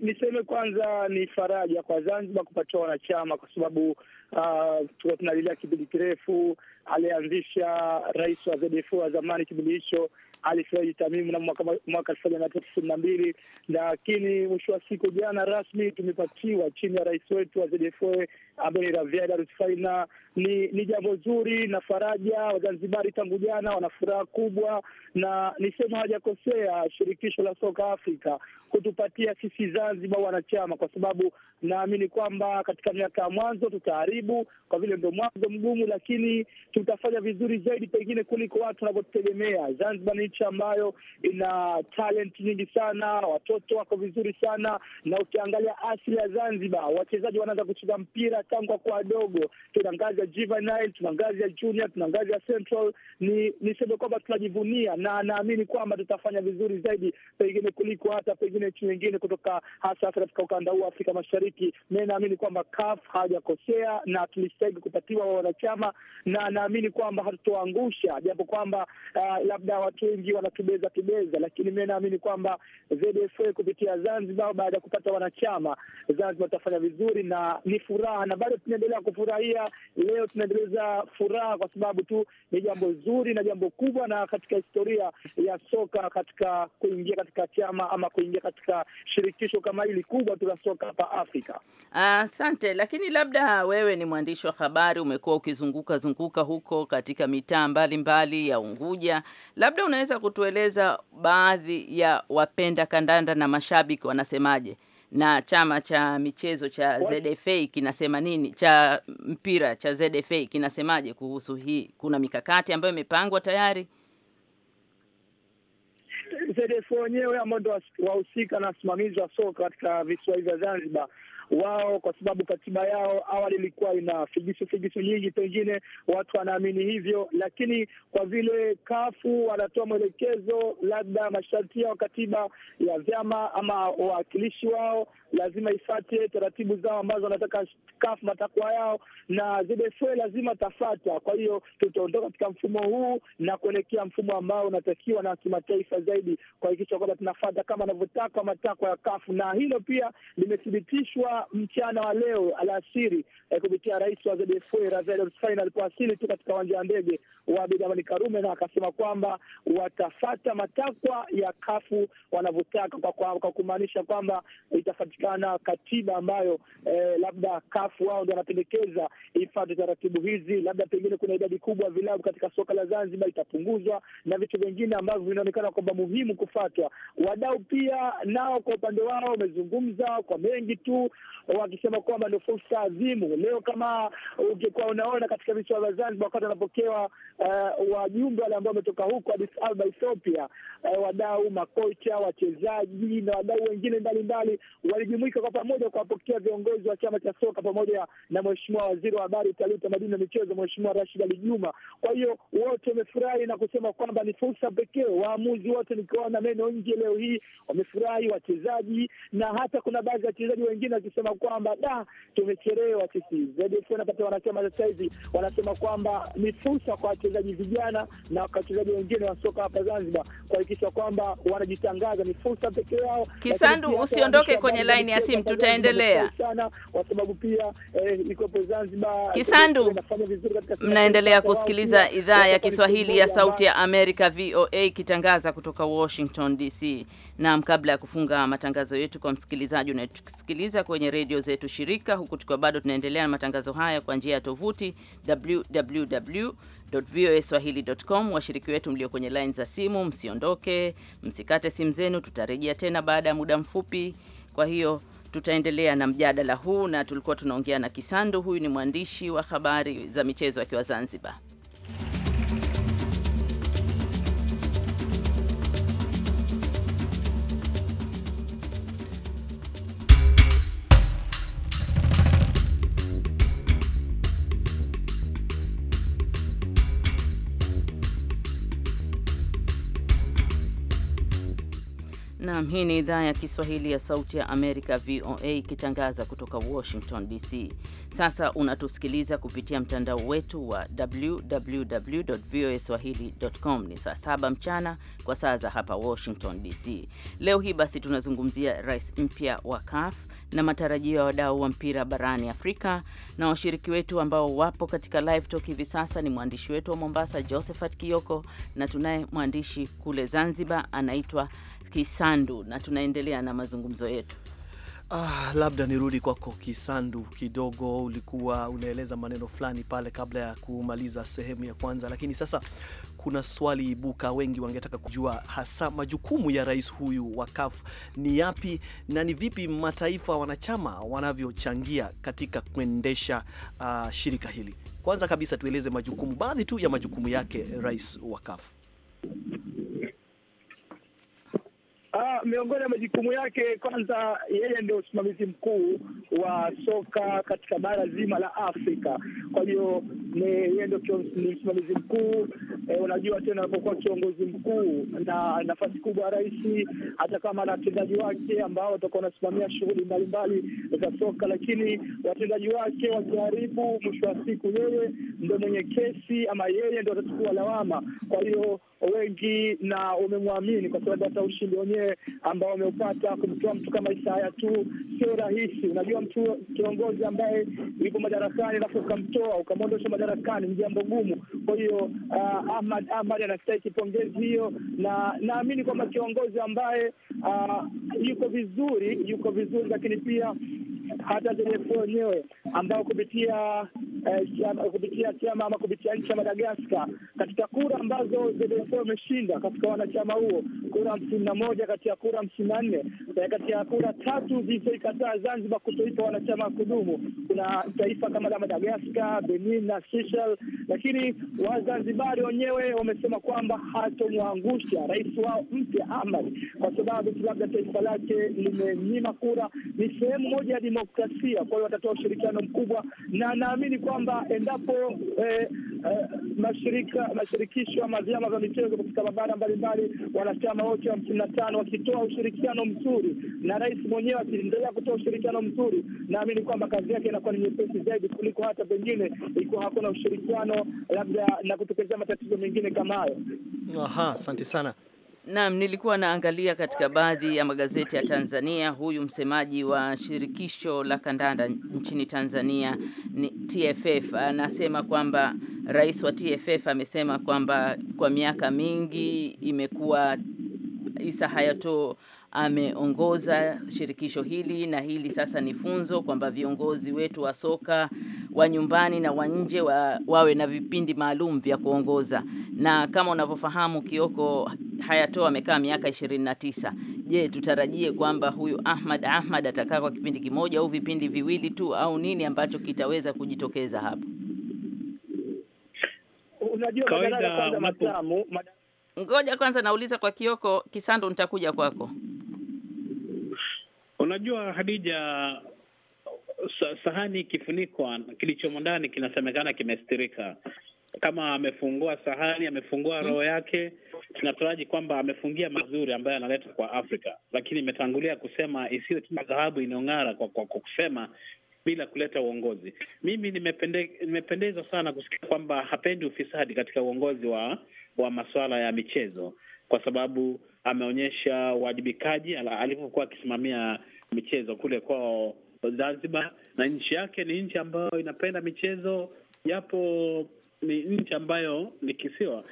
Niseme ni kwanza ni faraja kwa Zanzibar kupatiwa wanachama kwa sababu uh, tulikuwa tunalilia kipindi kirefu, alianzisha rais wa ZDF wa zamani kipindi hicho ali Said Tamim mnamo mwaka elfu moja mia tisa tisini na mbili, lakini mwisho wa siku jana rasmi tumepatiwa chini ya rais wetu wa ZFA ambaye ni Raviada Rutfaina. Ni, ni jambo zuri na faraja. Wazanzibari tangu jana wana furaha kubwa, na nisema hawajakosea shirikisho la soka Afrika kutupatia sisi Zanzibar wanachama, kwa sababu naamini kwamba katika miaka ya mwanzo tutaharibu, kwa vile ndo mwanzo mgumu, lakini tutafanya vizuri zaidi pengine kuliko watu wanavyotutegemea. Zanzibar ni nchi ambayo ina talent nyingi sana, watoto wako vizuri sana, na ukiangalia asili ya Zanzibar, wachezaji wanaanza kucheza mpira tangu wako wadogo. Tuna ngazi ya juvenile, tuna ngazi ya junior, tuna ngazi ya central. Ni niseme kwamba tunajivunia na naamini kwamba tutafanya vizuri zaidi pengine kuliko hata pengine pengine nchi nyingine kutoka hasa katika ukanda huu wa Afrika Mashariki. Mi naamini kwamba CAF hawajakosea na tulistahili kupatiwa wa wanachama, na naamini kwamba hatutoangusha, japo kwamba uh, labda watu wengi wanatubeza tubeza, lakini mi naamini kwamba ZFA kupitia Zanzibar, baada ya kupata wanachama, Zanzibar tutafanya vizuri na ni furaha, na bado tunaendelea kufurahia. Leo tunaendeleza furaha kwa sababu tu ni jambo zuri na jambo kubwa, na katika historia ya soka katika kuingia katika chama ama kuingia katika katika shirikisho kama hili kubwa tu la soka hapa Afrika. Asante. Ah, lakini labda wewe ni mwandishi wa habari, umekuwa ukizunguka zunguka huko katika mitaa mbalimbali ya Unguja, labda unaweza kutueleza baadhi ya wapenda kandanda na mashabiki wanasemaje na chama cha michezo cha ZFA kinasema nini, cha mpira cha ZFA kinasemaje kuhusu hii? Kuna mikakati ambayo imepangwa tayari? ZFO wenyewe ambao ndo wahusika na wasimamizi wa soka katika visiwa hivi vya Zanzibar, wao kwa sababu katiba yao awali ilikuwa ina figisu figisu nyingi, pengine watu wanaamini hivyo, lakini kwa vile kafu wanatoa mwelekezo, labda masharti yao katiba ya vyama ama wawakilishi wao lazima ifate taratibu zao ambazo wanataka CAF, matakwa yao, na ZFA lazima tafata. Kwa hiyo tutaondoka katika mfumo huu na kuelekea mfumo ambao unatakiwa na kimataifa zaidi, kuhakikisha kwamba tunafata kama anavyotaka matakwa ya CAF, na hilo pia limethibitishwa mchana wa leo alasiri, eh, kupitia rais wa ZFA Rafael alipowasili tu katika uwanja wa ndege wa Abeid Amani Karume, na akasema kwamba watafata matakwa ya kafu wanavyotaka, kwa kumaanisha kwamba itafatika na katiba ambayo eh, labda kafu wao ndo wanapendekeza ifate taratibu hizi, labda pengine kuna idadi kubwa vilabu katika soka la Zanzibar itapunguzwa na vitu vingine ambavyo vinaonekana kwamba muhimu kufatwa. Wadau pia nao kwa upande wao wamezungumza kwa mengi tu, wakisema kwamba ndio fursa adhimu. Leo kama ungekuwa unaona katika visiwa vya Zanzibar wakati wanapokewa uh, wajumbe wale ambao wametoka huko Addis Ababa Ethiopia, uh, wadau, makocha, wachezaji na wadau wengine mbalimbali wali kujumuika kwa pamoja kuwapokea viongozi wa chama cha soka pamoja na mheshimiwa waziri wa habari, utalii, utamaduni na michezo, mheshimiwa Rashid Ali Juma. Kwa hiyo wote wamefurahi na kusema kwamba ni fursa pekee. Waamuzi wote nikiwaona meno nje leo hii wamefurahi, wachezaji na hata kuna baadhi ya wachezaji wengine wakisema kwamba da, tumechelewa sisi. Napata wanachama sasa hivi wanasema kwamba ni fursa kwa wachezaji vijana na wachezaji wengine wa soka hapa Zanzibar kuhakikisha kwamba wanajitangaza. Ni fursa pekee yao. Kisandu, usiondoke kwenye line laini ya simu, tutaendelea kwa sababu pia eh, Zanzibar. Kisandu, mnaendelea kusikiliza idhaa ya Kiswahili ya Sauti ya Amerika, VOA, ikitangaza kutoka Washington DC. Naam, kabla ya kufunga matangazo yetu kwa msikilizaji unatusikiliza kwenye redio zetu shirika, huku tukiwa bado tunaendelea na matangazo haya kwa njia ya tovuti www voaswahili.com. Washiriki wetu mlio kwenye line za simu, msiondoke, msikate simu zenu, tutarejea tena baada ya muda mfupi. Kwa hiyo tutaendelea na mjadala huu, na tulikuwa tunaongea na Kisandu, huyu ni mwandishi wa habari za michezo akiwa Zanzibar. Naam, hii ni idhaa ya Kiswahili ya Sauti ya Amerika, VOA, ikitangaza kutoka Washington DC. Sasa unatusikiliza kupitia mtandao wetu wa www voa swahilicom. Ni saa saba mchana kwa saa za hapa Washington DC. Leo hii basi tunazungumzia rais mpya wa CAF na matarajio ya wadau wa mpira barani Afrika. Na washiriki wetu ambao wapo katika live talk hivi sasa ni mwandishi wetu wa Mombasa, Josephat Kioko, na tunaye mwandishi kule Zanzibar anaitwa Kisandu, na tunaendelea na mazungumzo yetu. Ah, labda nirudi kwako Kisandu kidogo. Ulikuwa unaeleza maneno fulani pale kabla ya kumaliza sehemu ya kwanza, lakini sasa kuna swali ibuka, wengi wangetaka kujua hasa majukumu ya rais huyu wa CAF ni yapi na ni vipi mataifa wanachama wanavyochangia katika kuendesha uh, shirika hili. Kwanza kabisa tueleze majukumu, baadhi tu ya majukumu yake rais wa CAF. Uh, miongoni ya majukumu yake kwanza, yeye ndio usimamizi mkuu wa soka katika bara zima la Afrika. Kwa hiyo yeye ndio ni msimamizi mkuu e, Unajua tena anapokuwa kiongozi mkuu na nafasi kubwa ya rais, hata kama na watendaji wake ambao watakuwa wanasimamia shughuli mbalimbali za soka, lakini watendaji wake wakiharibu, mwisho wa siku yeye ndio mwenye kesi ama yeye ndio atachukua lawama. Kwa hiyo wengi na umemwamini kwa sababu hata ushindi wenyewe ambao wameupata kumtoa mtu kama Isaya tu sio rahisi. Unajua, mtu kiongozi ambaye yupo madarakani alafu ukamtoa ukamwondosha madarakani ni jambo gumu. Kwa hiyo uh, Ahmad Ahmad anastahili pongezi hiyo, na naamini kwamba kiongozi ambaye uh, yuko vizuri yuko vizuri, lakini pia hata TDF wenyewe ambao kupitia Eh, kupitia chama ama kupitia nchi ya Madagaskar. Katika kura ambazo ZLC wameshinda katika wanachama huo, kura hamsini na moja kati ya kura hamsini na nne eh, kati ya kura tatu zilizoikataa Zanzibar kutoipa wanachama kudumu. Kuna taifa kama la Madagaskar, Benin na Seychelles, lakini Wazanzibari wenyewe wamesema kwamba hatomwangusha rais wao mpya Ahmad kwa sababu labda taifa lake limenyima kura. Ni sehemu moja ya demokrasia, kwa hiyo watatoa ushirikiano mkubwa na naamini kwa kwamba endapo eh, eh, mashirika mashirikisho ama vyama vya michezo katika mabara mbalimbali, wanachama wote wa hamsini na tano wakitoa ushirikiano mzuri na rais mwenyewe akiendelea kutoa ushirikiano mzuri, naamini kwamba kazi yake inakuwa ni nyepesi zaidi kuliko hata pengine ikiwa hakuna ushirikiano, labda na kutokezea matatizo mengine kama hayo. Aha, asante sana. Naam, nilikuwa naangalia katika baadhi ya magazeti ya Tanzania. Huyu msemaji wa shirikisho la kandanda nchini Tanzania ni TFF anasema kwamba rais wa TFF amesema kwamba kwa miaka mingi imekuwa Isa Hayato ameongoza shirikisho hili, na hili sasa ni funzo kwamba viongozi wetu wa soka wa nyumbani na wa nje wa, wawe na vipindi maalum vya kuongoza. Na kama unavyofahamu Kioko Hayato amekaa miaka 29. Je, tutarajie kwamba huyu Ahmad Ahmad atakaa kwa kipindi kimoja au vipindi viwili tu au nini ambacho kitaweza kujitokeza hapo? Unajua ngoja kwanza nauliza kwa Kioko Kisando, nitakuja kwako. Unajua Hadija, sahani ikifunikwa, kilichomo ndani kinasemekana kimestirika. Kama amefungua sahani, amefungua roho hmm. yake, tunataraji kwamba amefungia mazuri ambayo analeta kwa Afrika, lakini imetangulia kusema isiyo tuna dhahabu inayong'ara kwa, kwa, kwa kusema bila kuleta uongozi. Mimi nimepende, nimependezwa sana kusikia kwamba hapendi ufisadi katika uongozi wa wa masuala ya michezo, kwa sababu ameonyesha uwajibikaji alipokuwa akisimamia michezo kule kwao Zanzibar, na nchi yake ni nchi ambayo inapenda michezo, japo ni nchi ambayo ni kisiwa.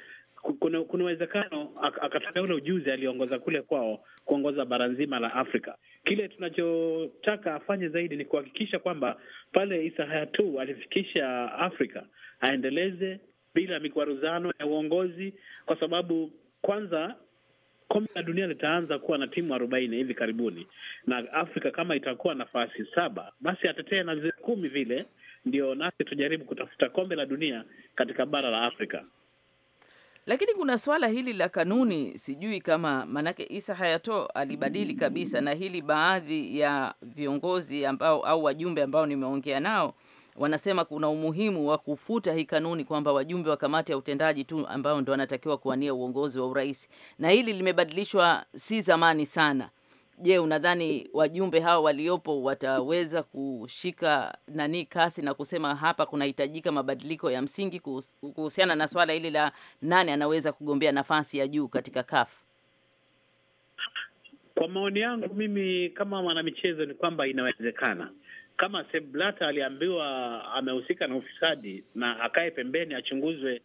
Kuna kuna uwezekano akataka ule ujuzi aliongoza kule kwao kuongoza bara nzima la Afrika. Kile tunachotaka afanye zaidi ni kuhakikisha kwamba pale Isa Hayatu alifikisha Afrika aendeleze bila mikwaruzano ya uongozi, kwa sababu kwanza kombe la dunia litaanza kuwa na timu arobaini hivi karibuni, na Afrika kama itakuwa nafasi saba, basi atetee na zile kumi vile, ndio nasi tujaribu kutafuta kombe la dunia katika bara la Afrika. Lakini kuna swala hili la kanuni, sijui kama manake Isa Hayato alibadili kabisa, na hili baadhi ya viongozi ambao au wajumbe ambao nimeongea nao wanasema kuna umuhimu wa kufuta hii kanuni kwamba wajumbe wa kamati ya utendaji tu ambao ndo wanatakiwa kuwania uongozi wa urais, na hili limebadilishwa si zamani sana. Je, unadhani wajumbe hawa waliopo wataweza kushika nani kasi na kusema hapa kunahitajika mabadiliko ya msingi kuhusiana na swala hili la nani anaweza kugombea nafasi ya juu katika kafu? Kwa maoni yangu mimi kama mwanamichezo, ni kwamba inawezekana kama Sepp Blatter aliambiwa amehusika na ufisadi na akae pembeni achunguzwe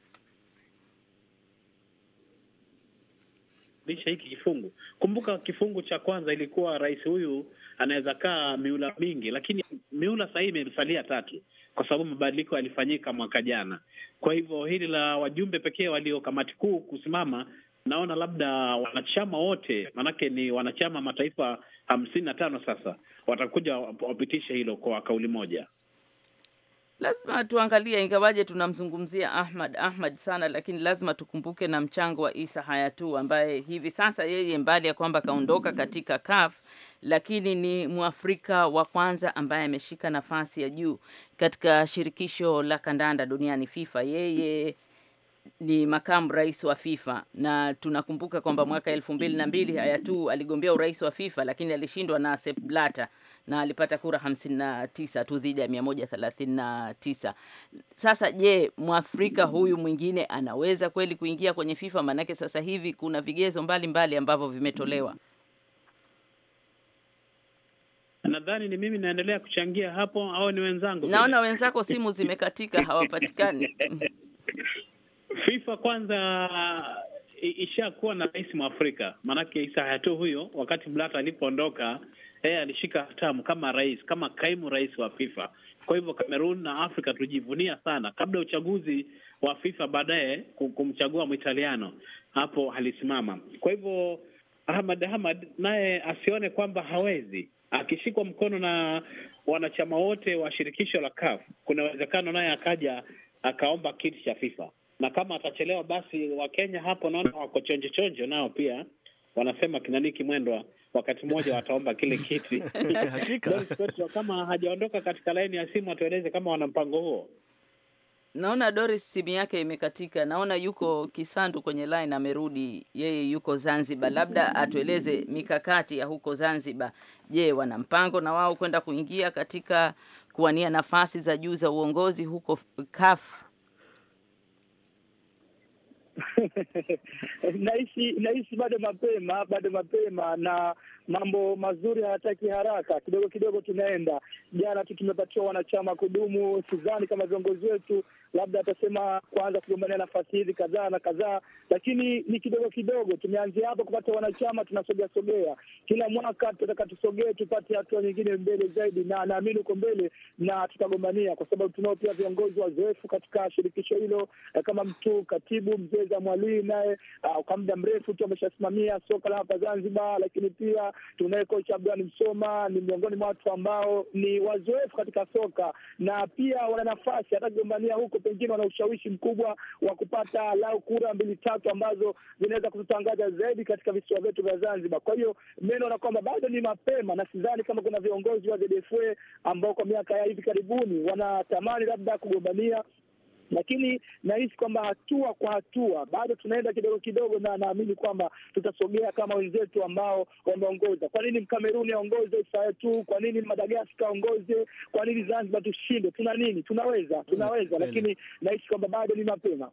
licha hiki kifungu. Kumbuka kifungu cha kwanza ilikuwa rais huyu anaweza kaa miula mingi, lakini miula sahii imesalia tatu, kwa sababu mabadiliko yalifanyika mwaka jana. Kwa hivyo hili la wajumbe pekee walio kamati kuu kusimama naona labda wanachama wote, maanake ni wanachama mataifa hamsini na tano sasa, watakuja wapitishe hilo kwa kauli moja. Lazima tuangalie, ingawaje tunamzungumzia Ahmad Ahmad sana, lakini lazima tukumbuke na mchango wa Isa Hayatu ambaye hivi sasa yeye, mbali ya kwamba akaondoka katika CAF, lakini ni Mwafrika wa kwanza ambaye ameshika nafasi ya juu katika shirikisho la kandanda duniani FIFA. Yeye ni makamu rais wa FIFA na tunakumbuka kwamba mwaka elfu mbili na mbili Hayatou aligombea urais wa FIFA lakini alishindwa na Sepp Blatter na alipata kura 59 tu dhidi ya 139. Sasa je, Mwafrika huyu mwingine anaweza kweli kuingia kwenye FIFA? Maanake sasa hivi kuna vigezo mbalimbali ambavyo vimetolewa. Nadhani ni mimi naendelea kuchangia hapo au ni wenzangu? Naona wenzako simu zimekatika, hawapatikani <laughs> FIFA kwanza ishakuwa na rais Mwafrika, maanake Isa Hayatou huyo, wakati Blatter alipoondoka, yeye alishika hatamu kama rais, kama kaimu rais wa FIFA. Kwa hivyo kamerun na Afrika tujivunia sana. Kabla uchaguzi wa FIFA baadaye kumchagua Mwitaliano, hapo alisimama. Kwa hivyo Ahmad Ahmad naye asione kwamba hawezi, akishikwa mkono na wanachama wote wa shirikisho la CAF, kuna uwezekano naye akaja akaomba kiti cha FIFA na kama atachelewa basi Wakenya hapo naona wako chonjo chonjo nao pia wanasema kinani Kimwendwa wakati mmoja wataomba kile kiti <laughs> hakika. Kama hajaondoka katika laini ya simu atueleze kama wana mpango huo. Naona Doris simu yake imekatika, naona yuko Kisandu kwenye line amerudi, yeye yuko Zanzibar. Labda atueleze mikakati ya huko Zanzibar. Je, wana mpango na wao kwenda kuingia katika kuwania nafasi za juu za uongozi huko kafu <laughs> naishi naishi bado mapema, bado mapema, na mambo mazuri hayataki haraka, kidogo kidogo tunaenda. Jana tu tumepatiwa wanachama kudumu, sidhani kama viongozi wetu labda atasema kwanza kugombania nafasi hizi kadhaa na kadhaa, lakini ni kidogo kidogo. Tumeanzia hapa kupata wanachama, tunasogea sogea, kila mwaka tutataka tusogee, tupate hatua nyingine mbele zaidi, na naamini huko mbele na tutagombania, kwa sababu tunao pia viongozi wazoefu katika shirikisho hilo, eh, kama mtu katibu mzee za Mwalii, naye ah, kwa muda mrefu tu ameshasimamia soka la hapa Zanzibar, lakini pia tunaye kocha Abdani Msoma, ni miongoni mwa watu ambao ni wazoefu katika soka na pia wana nafasi hata kugombania huko pengine wana ushawishi mkubwa wa kupata lau kura mbili tatu ambazo zinaweza kututangaza zaidi katika visiwa vyetu vya Zanzibar. Kwa hiyo mimi naona kwamba bado ni mapema, na sidhani kama kuna viongozi wa ZFA ambao kwa miaka ya hivi karibuni wanatamani labda kugombania lakini nahisi kwamba hatua kwa hatua bado tunaenda kidogo kidogo, na naamini kwamba tutasogea kama wenzetu ambao wameongoza. Kwa nini Mkameruni aongoze saa tu? Kwa nini Madagaskar aongoze? Kwa nini Zanzibar tushinde? Tuna nini? Tunaweza, tunaweza, lakini nahisi kwamba bado ni mapema.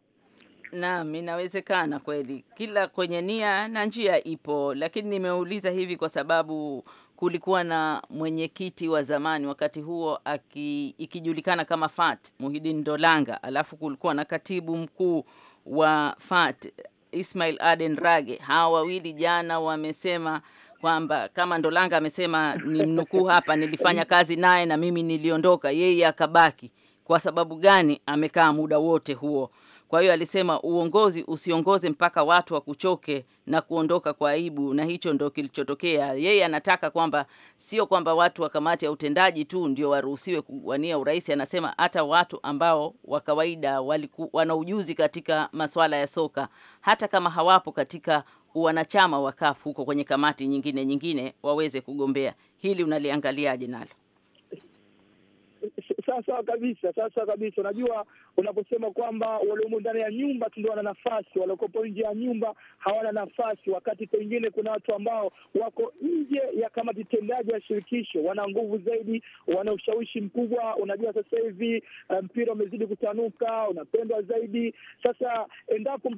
Naam, inawezekana kweli, kila kwenye nia na njia ipo, lakini nimeuliza hivi kwa sababu kulikuwa na mwenyekiti wa zamani wakati huo aki, ikijulikana kama FAT Muhidin Ndolanga, alafu kulikuwa na katibu mkuu wa FAT Ismail Aden Rage. Hawa wawili jana wamesema kwamba kama Ndolanga amesema, ni mnukuu hapa, nilifanya kazi naye na mimi niliondoka, yeye akabaki. Kwa sababu gani amekaa muda wote huo? Kwa hiyo alisema uongozi usiongoze mpaka watu wakuchoke na kuondoka kwa aibu, na hicho ndo kilichotokea. Yeye anataka kwamba sio kwamba watu wa kamati ya utendaji tu ndio waruhusiwe kuwania urais. Anasema hata watu ambao wa kawaida wana ujuzi katika masuala ya soka, hata kama hawapo katika wanachama wa CAF huko kwenye kamati nyingine nyingine, waweze kugombea. Hili unaliangaliaje nalo? Sawa sawa kabisa, sawa sawa kabisa. Unajua unaposema kwamba waliomo ndani ya nyumba tu ndio wana nafasi, waliokopo nje ya nyumba hawana nafasi, wakati pengine kuna watu ambao wako nje ya kamati tendaji ya shirikisho, wana nguvu zaidi, wana ushawishi mkubwa. Unajua sasa hivi eh, mpira um, umezidi kutanuka, unapendwa zaidi. Sasa endapo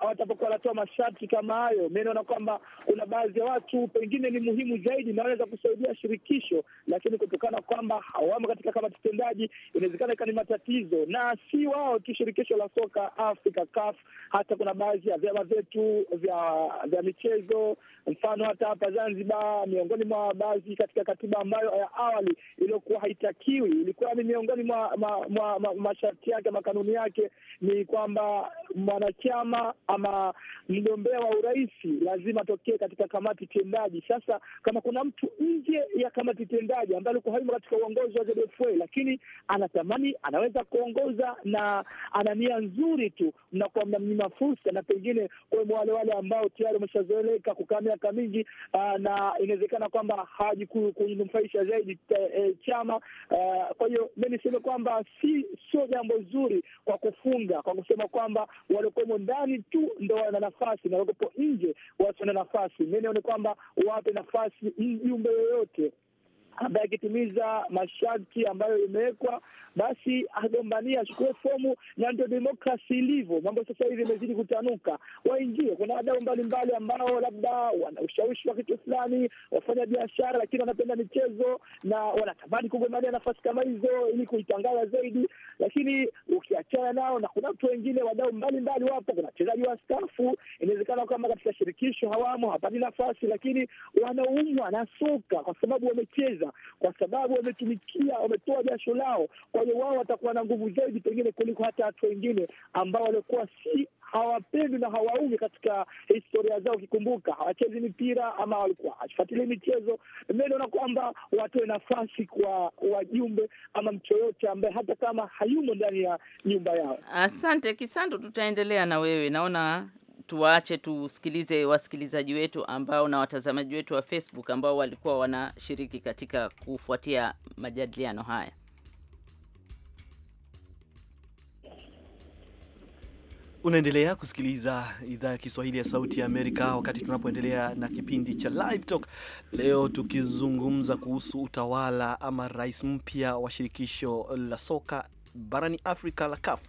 watapokuwa wanatoa masharti kama hayo, mi naona kwamba kuna baadhi ya watu pengine ni muhimu zaidi na wanaweza kusaidia shirikisho, lakini kutokana kwamba hawamo katika kamati tendaji, inawezekana ikawa ni matatizo na si wao tu, shirikisho la soka Afrika CAF, hata kuna baadhi ya vyama vyetu vya vya michezo, mfano hata hapa Zanzibar, miongoni mwa baadhi katika katiba ambayo ya awali iliyokuwa haitakiwi, ilikuwa ni miongoni mwa masharti ma, ma, ma, yake makanuni yake ni kwamba mwanachama ama mgombea wa urais lazima atokee katika kamati tendaji. Sasa kama kuna mtu nje ya kamati tendaji ambaye alikuwa haimo katika uongozi wa ZFA, lakini anatamani anaweza kuongoza kuzungumza na ana nia nzuri tu, mnakuwa mnamnyima fursa, na pengine kwa wale wale ambao tayari wameshazoeleka kukaa miaka mingi, ah, na inawezekana kwamba kunufaisha zaidi e, chama. Eh, kwa hiyo mi niseme kwamba si sio jambo zuri kwa kufunga, kwa kusema kwamba waliokuwemo ndani tu ndo wana nafasi na waliopo nje wasiona nafasi. Mi nione kwamba wape nafasi mjumbe yoyote ambaye akitimiza masharti ambayo imewekwa, basi agombania, achukue fomu, na ndio demokrasi ilivyo. Mambo sasa hivi imezidi kutanuka, waingie. Kuna wadau mbalimbali ambao labda wana ushawishi wa kitu fulani, wafanya biashara, lakini wanapenda michezo na wanatamani kugombania nafasi kama hizo ili kuitangaza zaidi. Lakini ukiachana nao, na kuna watu wengine, wadau mbalimbali wapo, kuna wachezaji stafu inawezekana kama katika shirikisho hawamo, hapati nafasi, lakini wanaumwa na soka kwa sababu wamecheza kucheza, kwa sababu wametumikia, wametoa jasho lao. Kwa hiyo wao watakuwa na nguvu zaidi pengine kuliko hata watu wengine ambao waliokuwa si hawapendwi na hawaumi katika historia zao. Ukikumbuka hawachezi mpira ama walikuwa hawafuatilii michezo. menaona naona kwamba watoe nafasi kwa wajumbe ama mtu yoyote ambaye hata kama hayumo ndani ya nyumba yao. Asante Kisando, tutaendelea na wewe, naona tuwache tusikilize wasikilizaji wetu ambao na watazamaji wetu wa Facebook ambao walikuwa wanashiriki katika kufuatia majadiliano haya. Unaendelea kusikiliza idhaa ya Kiswahili ya Sauti ya Amerika wakati tunapoendelea na kipindi cha Live Talk, leo tukizungumza kuhusu utawala ama rais mpya wa shirikisho la soka barani Afrika la CAF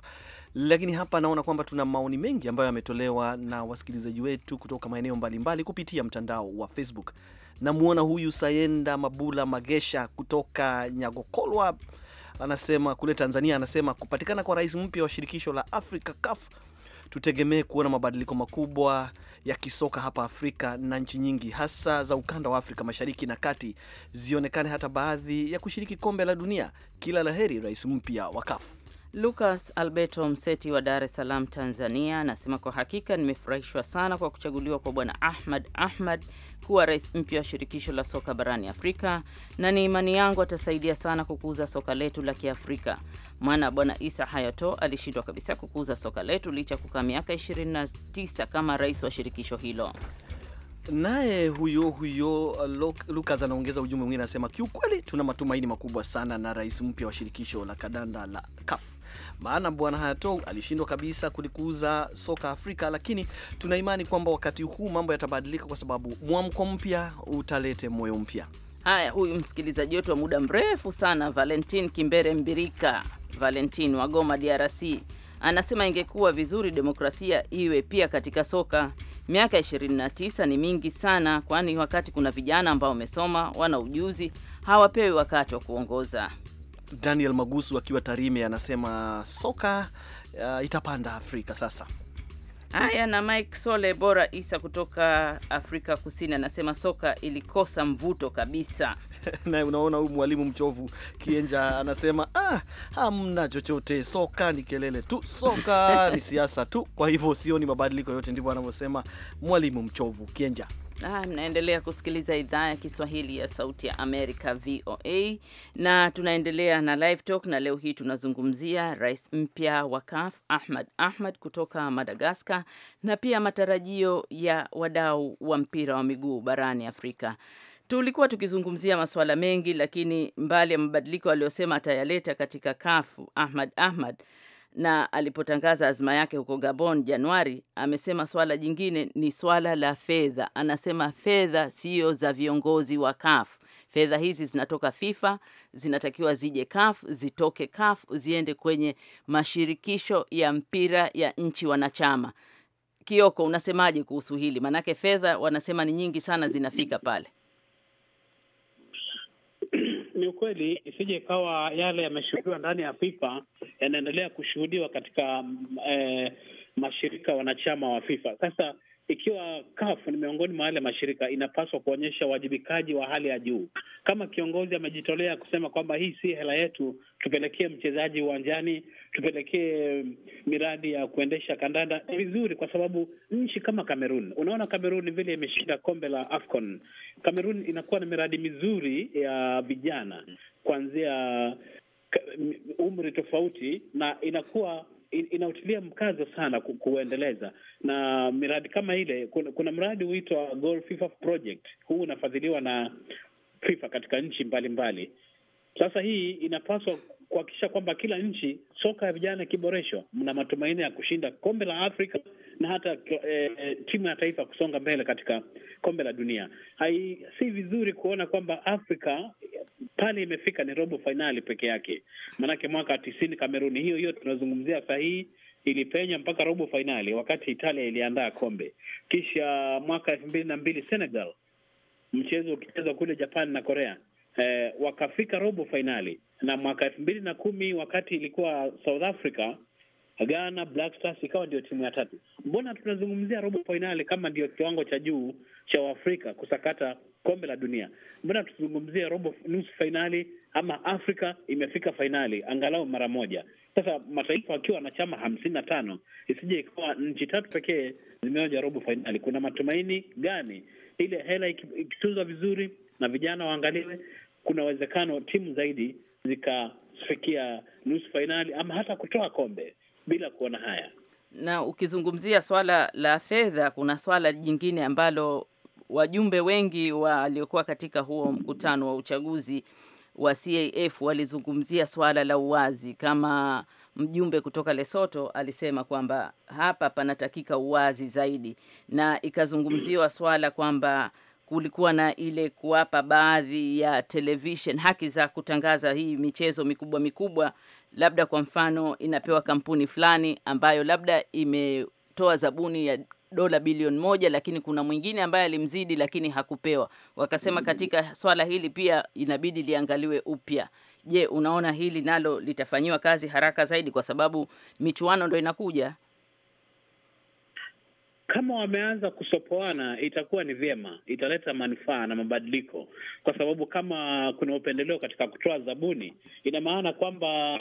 lakini hapa naona kwamba tuna maoni mengi ambayo yametolewa na wasikilizaji wetu kutoka maeneo mbalimbali kupitia mtandao wa Facebook. Namwona huyu Sayenda Mabula Magesha kutoka Nyagokolwa anasema kule Tanzania, anasema kupatikana kwa rais mpya wa shirikisho la Afrika CAF tutegemee kuona mabadiliko makubwa ya kisoka hapa Afrika na nchi nyingi hasa za ukanda wa Afrika Mashariki na Kati zionekane hata baadhi ya kushiriki kombe la dunia. Kila laheri rais mpya wa CAF. Lucas Alberto Mseti wa Dar es Salaam, Tanzania, anasema kwa hakika nimefurahishwa sana kwa kuchaguliwa kwa Bwana Ahmad Ahmad kuwa rais mpya wa shirikisho la soka barani Afrika, na ni imani yangu atasaidia sana kukuza soka letu la Kiafrika, maana Bwana Isa Hayato alishindwa kabisa kukuza soka letu licha ya kukaa miaka 29 kama rais wa shirikisho hilo. Naye huyo huyo Lukas anaongeza ujumbe mwingine, anasema kiukweli, tuna matumaini makubwa sana na rais mpya wa shirikisho la kadanda la CAF maana bwana Hayatou alishindwa kabisa kulikuuza soka Afrika, lakini tuna imani kwamba wakati huu mambo yatabadilika kwa sababu mwamko mpya utalete moyo mpya. Haya, huyu msikilizaji wetu wa muda mrefu sana Valentin Kimbere Mbirika, Valentin wa Goma, DRC, anasema ingekuwa vizuri demokrasia iwe pia katika soka. Miaka 29 ni mingi sana, kwani wakati kuna vijana ambao wamesoma, wana ujuzi, hawapewi wakati wa kuongoza. Daniel Magusu akiwa Tarime anasema soka uh, itapanda Afrika sasa. Haya, na Mike Sole Bora Isa kutoka Afrika Kusini anasema soka ilikosa mvuto kabisa. <laughs> Naye unaona huyu mwalimu mchovu Kienja <laughs> anasema ah, hamna chochote, soka ni kelele tu, soka <laughs> ni siasa tu, kwa hivyo sioni mabadiliko yote. Ndivyo anavyosema mwalimu mchovu Kienja. Ah, mnaendelea kusikiliza idhaa ya Kiswahili ya Sauti ya Amerika, VOA, na tunaendelea na live talk, na leo hii tunazungumzia rais mpya wa CAF Ahmad Ahmad kutoka Madagaskar, na pia matarajio ya wadau wa mpira wa miguu barani Afrika. Tulikuwa tukizungumzia masuala mengi, lakini mbali ya mabadiliko aliyosema atayaleta katika CAF Ahmad Ahmad na alipotangaza azma yake huko Gabon Januari, amesema swala jingine ni swala la fedha. Anasema fedha sio za viongozi wa CAF. Fedha hizi zinatoka FIFA, zinatakiwa zije CAF, zitoke CAF ziende kwenye mashirikisho ya mpira ya nchi wanachama. Kioko, unasemaje kuhusu hili? Maanake fedha wanasema ni nyingi sana zinafika pale ni ukweli, isije ikawa yale yameshuhudiwa ndani ya FIFA yanaendelea kushuhudiwa katika eh, mashirika wanachama wa FIFA. Sasa ikiwa CAF ni miongoni mwa yale mashirika, inapaswa kuonyesha uwajibikaji wa hali ya juu. Kama kiongozi amejitolea kusema kwamba hii si hela yetu, tupelekee mchezaji uwanjani, tupelekee miradi ya kuendesha kandanda, ni vizuri, kwa sababu nchi kama cameron unaona Cameroon vile imeshinda kombe la AFCON. Cameroon inakuwa na miradi mizuri ya vijana kuanzia umri tofauti, na inakuwa inautilia mkazo sana kuendeleza na miradi kama ile. Kuna, kuna mradi huitwa Goal FIFA Project, huu unafadhiliwa na FIFA katika nchi mbalimbali mbali. Sasa hii inapaswa kuhakikisha kwamba kila nchi soka ya vijana ikiboreshwa, mna matumaini ya kushinda kombe la Afrika na hata eh, timu ya taifa kusonga mbele katika kombe la dunia. Hai, si vizuri kuona kwamba Afrika pale imefika ni robo fainali peke yake, maanake mwaka tisini Kameruni hiyo hiyo tunazungumzia sahihi ilipenya mpaka robo fainali wakati Italia iliandaa kombe. Kisha mwaka elfu mbili na mbili Senegal mchezo ukichezwa kule Japan na Korea eh, wakafika robo fainali, na mwaka elfu mbili na kumi wakati ilikuwa South Africa Ghana Black Stars ikawa ndio timu ya tatu. Mbona tunazungumzia robo fainali kama ndio kiwango cha juu cha Waafrika kusakata kombe la dunia? Mbona tuzungumzie robo nusu fainali, ama Afrika imefika fainali angalau mara moja? Sasa mataifa akiwa na chama hamsini na tano, isije ikawa nchi tatu pekee zimeonja robo fainali. Kuna matumaini gani? Ile hela ikituzwa vizuri na vijana waangaliwe, kuna uwezekano timu zaidi zikafikia nusu fainali ama hata kutoa kombe bila kuona haya. Na ukizungumzia swala la fedha, kuna swala jingine ambalo wajumbe wengi waliokuwa katika huo mkutano wa uchaguzi wa CAF walizungumzia swala la uwazi. Kama mjumbe kutoka Lesotho alisema kwamba hapa panatakika uwazi zaidi, na ikazungumziwa mm. swala kwamba kulikuwa na ile kuwapa baadhi ya television haki za kutangaza hii michezo mikubwa mikubwa labda kwa mfano inapewa kampuni fulani ambayo labda imetoa zabuni ya dola bilioni moja, lakini kuna mwingine ambaye alimzidi lakini hakupewa. Wakasema mm. katika swala hili pia inabidi liangaliwe upya. Je, unaona hili nalo litafanyiwa kazi haraka zaidi, kwa sababu michuano ndo inakuja? Kama wameanza kusopoana, itakuwa ni vyema, italeta manufaa na mabadiliko, kwa sababu kama kuna upendeleo katika kutoa zabuni, ina maana kwamba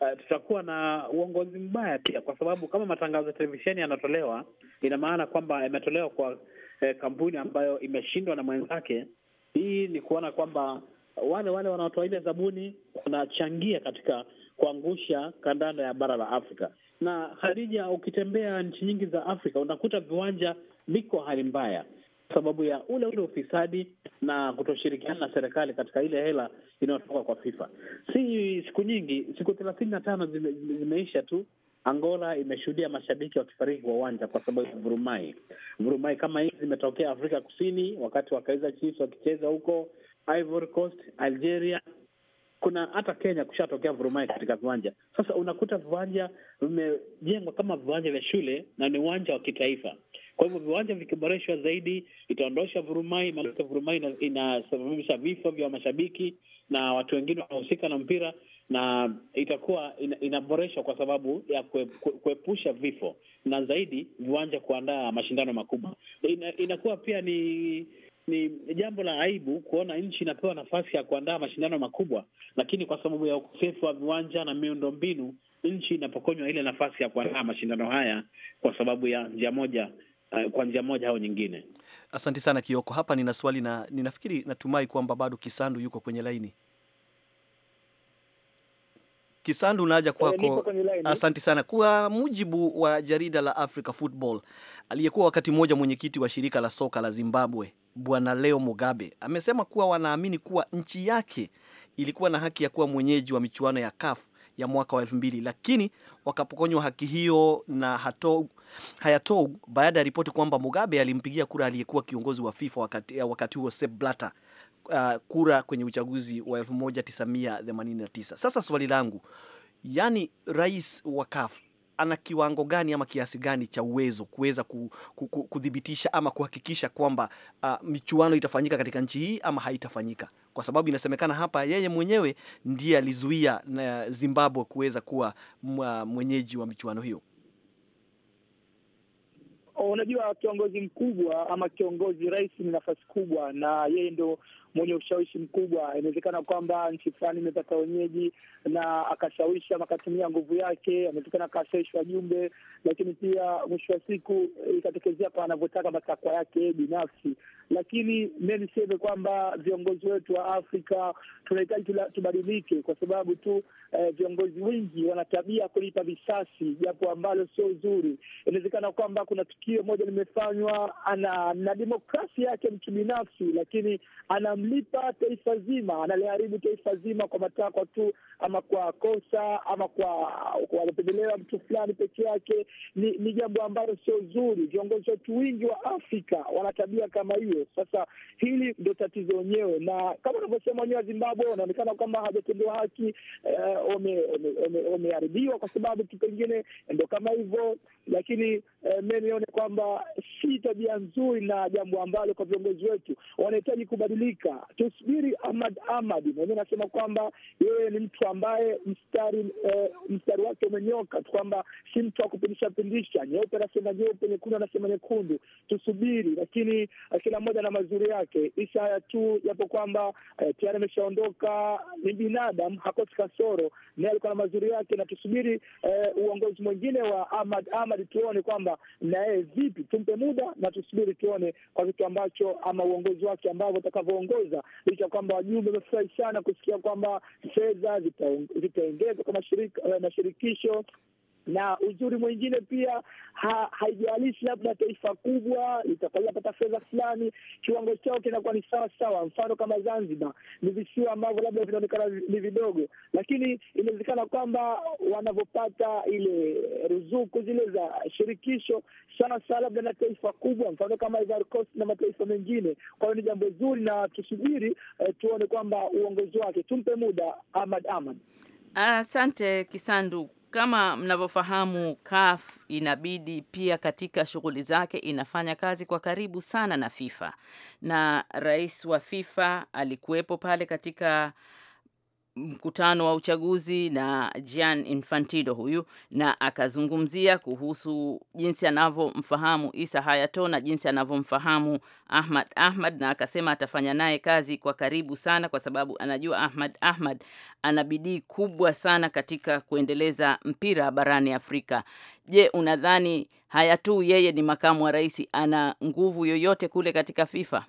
Uh, tutakuwa na uongozi mbaya pia, kwa sababu kama matangazo ya televisheni yanatolewa, ina maana kwamba yametolewa kwa eh, kampuni ambayo imeshindwa na mwenzake. Hii ni kuona kwamba wale wale wanaotoa ile zabuni wanachangia katika kuangusha kandanda ya bara la Afrika. Na harija ukitembea nchi nyingi za Afrika unakuta viwanja viko hali mbaya sababu ya ule ule ufisadi na kutoshirikiana na serikali katika ile hela inayotoka kwa FIFA. Si siku nyingi, siku thelathini na tano zime, zimeisha tu, Angola imeshuhudia mashabiki wakifariki kwa uwanja kwa sababu ya vurumai. Vurumai kama hizi zimetokea Afrika Kusini wakati wa Kaizer Chiefs wakicheza huko, Ivory Coast, Algeria kuna hata Kenya kushatokea vurumai katika viwanja. Sasa unakuta viwanja vimejengwa kama viwanja vya shule na ni uwanja wa kitaifa. Kwa hivyo viwanja vikiboreshwa zaidi itaondosha vurumai, maanake vurumai inasababisha vifo vya mashabiki na watu wengine wanahusika na mpira, na itakuwa ina, inaboreshwa kwa sababu ya kuepusha kwe, vifo na zaidi viwanja kuandaa mashindano makubwa. Ina, inakuwa pia ni ni jambo la aibu kuona nchi inapewa nafasi ya kuandaa mashindano makubwa, lakini kwa sababu ya ukosefu wa viwanja na miundo mbinu, nchi inapokonywa ile nafasi ya kuandaa mashindano haya kwa sababu ya njia moja eh, kwa njia moja au nyingine. Asante sana Kioko. Hapa nina swali na ninafikiri, natumai kwamba bado Kisandu yuko kwenye laini. Kisandu, naja eh, kwako. Asante sana. Kwa mujibu wa jarida la Africa Football, aliyekuwa wakati mmoja mwenyekiti wa shirika la soka la Zimbabwe Bwana Leo Mugabe amesema kuwa wanaamini kuwa nchi yake ilikuwa na haki ya kuwa mwenyeji wa michuano ya CAF ya mwaka wa elfu mbili lakini wakapokonywa haki hiyo na hayatou baada ya ripoti kwamba Mugabe alimpigia kura aliyekuwa kiongozi wa FIFA wakati, wakati huo Sepp Blatter uh, kura kwenye uchaguzi wa 1989. Sasa swali langu, yani rais wa CAF ana kiwango gani ama kiasi gani cha uwezo kuweza kudhibitisha ama kuhakikisha kwamba uh, michuano itafanyika katika nchi hii ama haitafanyika, kwa sababu inasemekana hapa yeye mwenyewe ndiye alizuia uh, Zimbabwe kuweza kuwa uh, mwenyeji wa michuano hiyo. Unajua, kiongozi mkubwa ama kiongozi, rais, ni nafasi kubwa, na yeye ndo mwenye ushawishi mkubwa. Inawezekana kwamba nchi fulani imepata wenyeji na akashawishi ama akatumia nguvu yake, amewezekana akashawishi wajumbe, lakini pia mwisho wa siku eh, ikatekezea kwa anavyotaka matakwa yake binafsi. Lakini mie niseme kwamba viongozi wetu wa Afrika tunahitaji tubadilike, kwa sababu tu eh, viongozi wengi wana tabia ya kulipa visasi, japo ambalo sio uzuri. Inawezekana kwamba kuna tukio moja limefanywa, ana na demokrasia yake mtu binafsi, lakini ana anamlipa taifa zima, analiharibu taifa zima kwa matakwa tu, ama kwa kosa ama kwa wamependelewa mtu fulani peke yake, ni, ni jambo ambalo sio zuri. Viongozi wetu wingi wa Afrika wana tabia kama hiyo. Sasa hili ndio tatizo wenyewe, na kama unavyosema wenyewe wa Zimbabwe wanaonekana kwamba hawajatendewa haki, eh, wameharibiwa eh, kwa sababu tu pengine ndo kama hivyo, lakini eh, mi nione kwamba si tabia nzuri na jambo ambalo kwa viongozi wetu wanahitaji kubadilika tusubiri Ahmad Ahmad mwenyewe anasema kwamba yeye ni mtu ambaye mstari eh, mstari wake umenyoka tu, kwamba si mtu wa kupindisha pindisha. Nyeupe anasema nyeupe, nyekundu anasema nyekundu. Tusubiri, lakini eh, kila mmoja na mazuri yake. Isa haya tu, yapo kwamba eh, tayari ameshaondoka, ni binadam hakosi kasoro, naye alikuwa na mazuri yake, na tusubiri eh, uongozi mwingine wa Ahmad Ahmad, tuone kwamba naye vipi. Tumpe muda na tusubiri tuone kwa kitu ambacho ama uongozi wake ambavyo utakavyoongoza fedha, licha kwamba wajumbe wamefurahi sana kusikia kwamba fedha zitaongezwa kwa eh, mashirikisho na uzuri mwingine pia ha, haijalishi labda taifa kubwa litapata fedha fulani, kiwango chao kinakuwa ni sawa sawa. Mfano kama Zanzibar ni visiwa ambavyo labda vinaonekana ni vidogo, lakini inawezekana kwamba wanavyopata ile ruzuku zile za shirikisho sawa sawa labda na taifa kubwa, mfano kama Ivory Coast na mataifa mengine. Kwa hiyo ni jambo zuri na tusubiri, eh, tuone kwamba uongozi wake, tumpe muda Ahmad Ahmad. Asante Kisandu kama mnavyofahamu, CAF inabidi pia katika shughuli zake inafanya kazi kwa karibu sana na FIFA, na rais wa FIFA alikuwepo pale katika mkutano wa uchaguzi na Gian Infantino huyu, na akazungumzia kuhusu jinsi anavyomfahamu Isa Hayato na jinsi anavyomfahamu Ahmad Ahmad, na akasema atafanya naye kazi kwa karibu sana, kwa sababu anajua Ahmad Ahmad ana bidii kubwa sana katika kuendeleza mpira barani Afrika. Je, unadhani Hayatu yeye ni makamu wa rais, ana nguvu yoyote kule katika FIFA?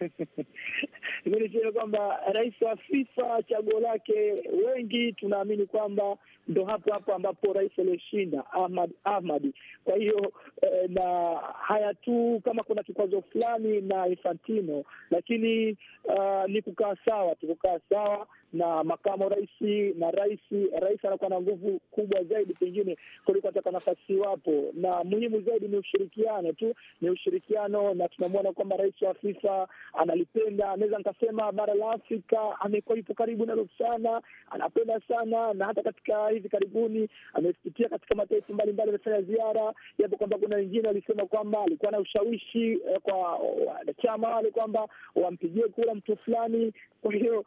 <laughs> niseme kwamba rais wa FIFA chaguo lake, wengi tunaamini kwamba ndo hapo hapo ambapo rais aliyeshinda Ahmad Ahmadi. Kwa hiyo eh, na haya tu kama kuna kikwazo fulani na Infantino, lakini uh, ni kukaa sawa tu, kukaa sawa na makamu rais na rais. Rais anakuwa na nguvu kubwa zaidi pengine kuliko hata nafasi wapo, na muhimu zaidi ni ushirikiano tu, ni ushirikiano, na tunamwona kwamba rais wa FIFA analipenda, anaweza nikasema bara la Afrika amekuwa yupo karibu nalo sana, anapenda sana, na hata katika hivi karibuni amepitia katika mataifa mbalimbali, amefanya ziara, japo kwamba kuna wengine walisema kwamba alikuwa na ushawishi eh, kwa wanachama wale kwamba wampigie kura mtu fulani. Kwa hiyo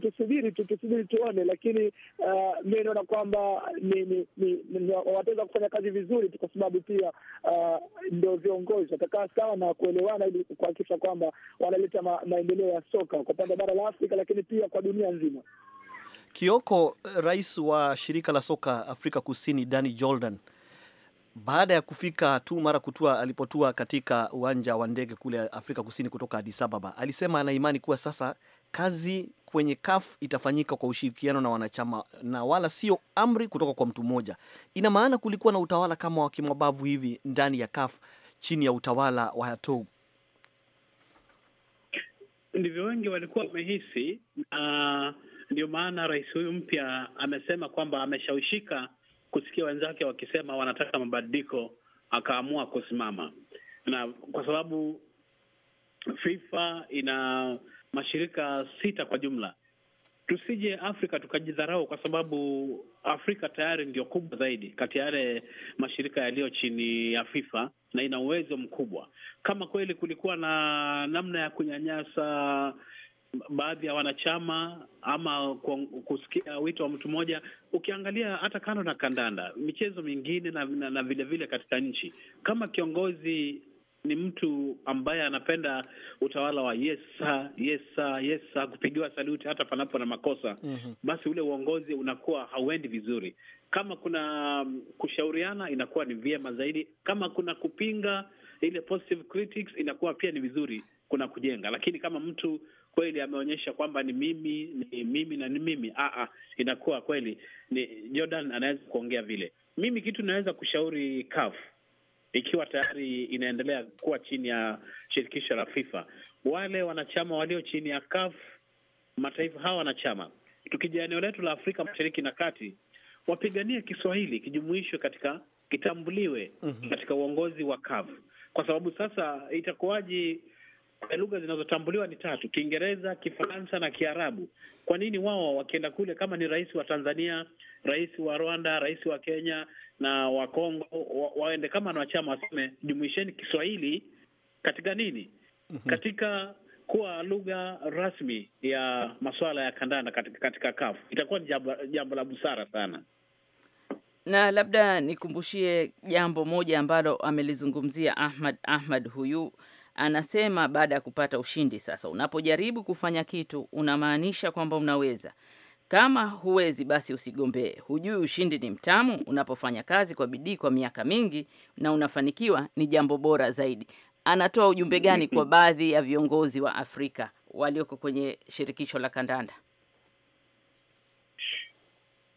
tusubiri tusubiri tu, tusubiri tuone, lakini uh, mi naona kwamba ni, ni, ni, wataweza kufanya kazi vizuri tu, kwa sababu pia uh, ndo viongozi watakaa sawa na kuelewana ili kuhakikisha kwamba wanaleta ma, maendeleo ya soka kwa upande wa bara la Afrika, lakini pia kwa dunia nzima. Kioko, rais wa shirika la soka Afrika Kusini, Danny Jordan baada ya kufika tu mara kutua alipotua katika uwanja wa ndege kule Afrika Kusini kutoka Addis Ababa, alisema ana imani kuwa sasa kazi kwenye CAF itafanyika kwa ushirikiano na wanachama na wala sio amri kutoka kwa mtu mmoja. Ina maana kulikuwa na utawala kama wa kimabavu hivi ndani ya CAF chini ya utawala wa Yatou. Ndivyo wengi walikuwa wamehisi, na ndio maana rais huyu mpya amesema kwamba ameshawishika kusikia wenzake wakisema wanataka mabadiliko, akaamua kusimama, na kwa sababu FIFA ina mashirika sita kwa jumla. Tusije Afrika tukajidharau kwa sababu Afrika tayari ndio kubwa zaidi kati ya yale mashirika yaliyo chini ya FIFA na ina uwezo mkubwa. Kama kweli kulikuwa na namna ya kunyanyasa baadhi ya wanachama ama kusikia wito wa mtu mmoja, ukiangalia hata kando na kandanda, michezo mingine na, na, na vilevile katika nchi, kama kiongozi ni mtu ambaye anapenda utawala wa yesa yesa yesa, kupigiwa saluti hata panapo na makosa mm -hmm. Basi ule uongozi unakuwa hauendi vizuri. Kama kuna mm, kushauriana, inakuwa ni vyema zaidi. Kama kuna kupinga ile positive critics, inakuwa pia ni vizuri, kuna kujenga. Lakini kama mtu kweli ameonyesha kwamba ni mimi ni mimi na ni mimi aa, inakuwa kweli ni Jordan anaweza kuongea vile. Mimi kitu inaweza kushauri kafu ikiwa tayari inaendelea kuwa chini ya shirikisho la FIFA. Wale wanachama walio chini ya CAF, mataifa hawa wanachama, tukija eneo letu la Afrika Mashariki na Kati, wapiganie Kiswahili kijumuishwe katika kitambuliwe mhm. katika uongozi wa CAF, kwa sababu sasa itakuwaji Eh, lugha zinazotambuliwa ni tatu: Kiingereza, Kifaransa na Kiarabu. Kwa nini wao wakienda kule, kama ni rais wa Tanzania, rais wa Rwanda, rais wa Kenya na wa Kongo, wa waende kama na wachama waseme jumuisheni Kiswahili katika nini? mm -hmm. katika kuwa lugha rasmi ya masuala ya kandanda katika, katika kafu itakuwa ni jambo la busara sana na labda nikumbushie jambo moja ambalo amelizungumzia Ahmad Ahmad huyu Anasema baada ya kupata ushindi sasa, unapojaribu kufanya kitu unamaanisha kwamba unaweza. Kama huwezi, basi usigombee. Hujui ushindi ni mtamu. Unapofanya kazi kwa bidii kwa miaka mingi na unafanikiwa, ni jambo bora zaidi. Anatoa ujumbe gani kwa baadhi ya viongozi wa Afrika walioko kwenye shirikisho la kandanda?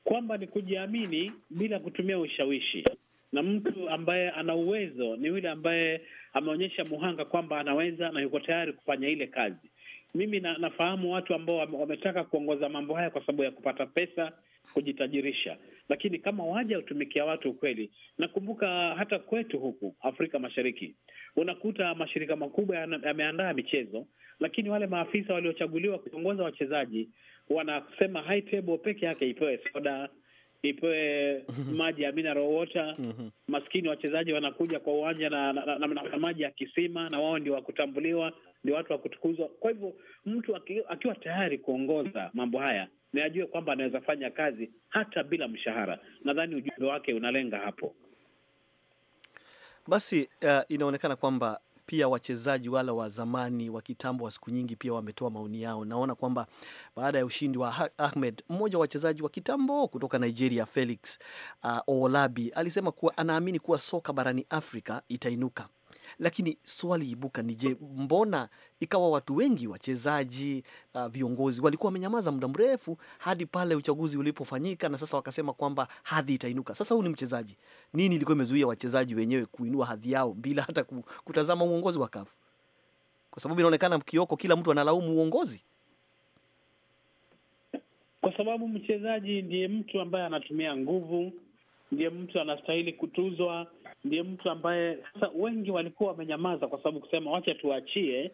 Kwamba ni kujiamini bila kutumia ushawishi, na mtu ambaye ana uwezo ni yule ambaye ameonyesha muhanga kwamba anaweza na yuko tayari kufanya ile kazi. Mimi na, nafahamu watu ambao wametaka kuongoza mambo haya kwa sababu ya kupata pesa, kujitajirisha, lakini kama waja hutumikia watu ukweli. Nakumbuka hata kwetu huku Afrika Mashariki unakuta mashirika makubwa yameandaa michezo, lakini wale maafisa waliochaguliwa kuongoza wachezaji wanasema high table peke yake ipewe soda nipewe mhm. maji ya mineral water. Mhm. Maskini wachezaji wanakuja kwa uwanja na, na, na, na, na maji ya kisima, na wao ndio wakutambuliwa, ndio watu wakutukuzwa. Kwa hivyo mtu akiwa tayari kuongoza mambo haya ni ajue kwamba anaweza fanya kazi hata bila mshahara. Nadhani ujumbe wake unalenga hapo. Basi uh, inaonekana kwamba pia wachezaji wala wa zamani wa kitambo wa siku nyingi pia wametoa maoni yao. Naona kwamba baada ya ushindi wa Ahmed, mmoja wa wachezaji wa kitambo kutoka Nigeria, Felix uh, Olabi alisema kuwa anaamini kuwa soka barani Afrika itainuka lakini swali ibuka ni je, mbona ikawa watu wengi wachezaji, uh, viongozi walikuwa wamenyamaza muda mrefu hadi pale uchaguzi ulipofanyika, na sasa wakasema kwamba hadhi itainuka. Sasa huu ni mchezaji, nini ilikuwa imezuia wachezaji wenyewe kuinua hadhi yao bila hata kutazama uongozi wa kafu? Kwa sababu inaonekana Kioko, kila mtu analaumu uongozi kwa sababu mchezaji ndiye mtu ambaye anatumia nguvu, ndiye mtu anastahili kutuzwa, ndiye mtu ambaye sasa wengi walikuwa wamenyamaza kwa sababu kusema wacha tuachie,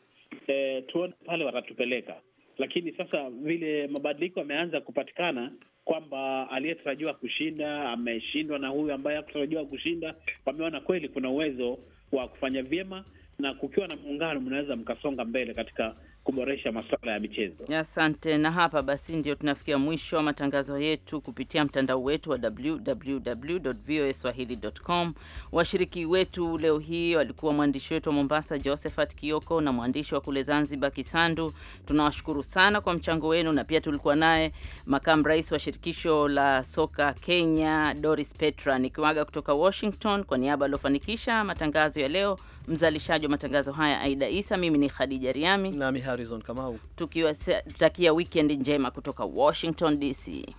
e, tuone pale watatupeleka. Lakini sasa vile mabadiliko yameanza kupatikana kwamba aliyetarajiwa kushinda ameshindwa na huyu ambaye hakutarajiwa kushinda, wameona kweli kuna uwezo wa kufanya vyema, na kukiwa na muungano mnaweza mkasonga mbele katika kuboresha masuala ya michezo. Asante. Na hapa basi ndio tunafikia mwisho wa matangazo yetu kupitia mtandao wetu wa www.voaswahili.com. Washiriki wetu leo hii walikuwa mwandishi wetu wa Mombasa Josephat Kioko na mwandishi wa kule Zanzibar Kisandu. Tunawashukuru sana kwa mchango wenu, na pia tulikuwa naye makamu rais wa shirikisho la soka Kenya Doris Petra. Nikiwaga kutoka Washington kwa niaba aliofanikisha matangazo ya leo mzalishaji wa matangazo haya Aida Isa, mimi ni Khadija Riami nami Harrison Kamau, tukiwatakia weekend njema kutoka Washington DC.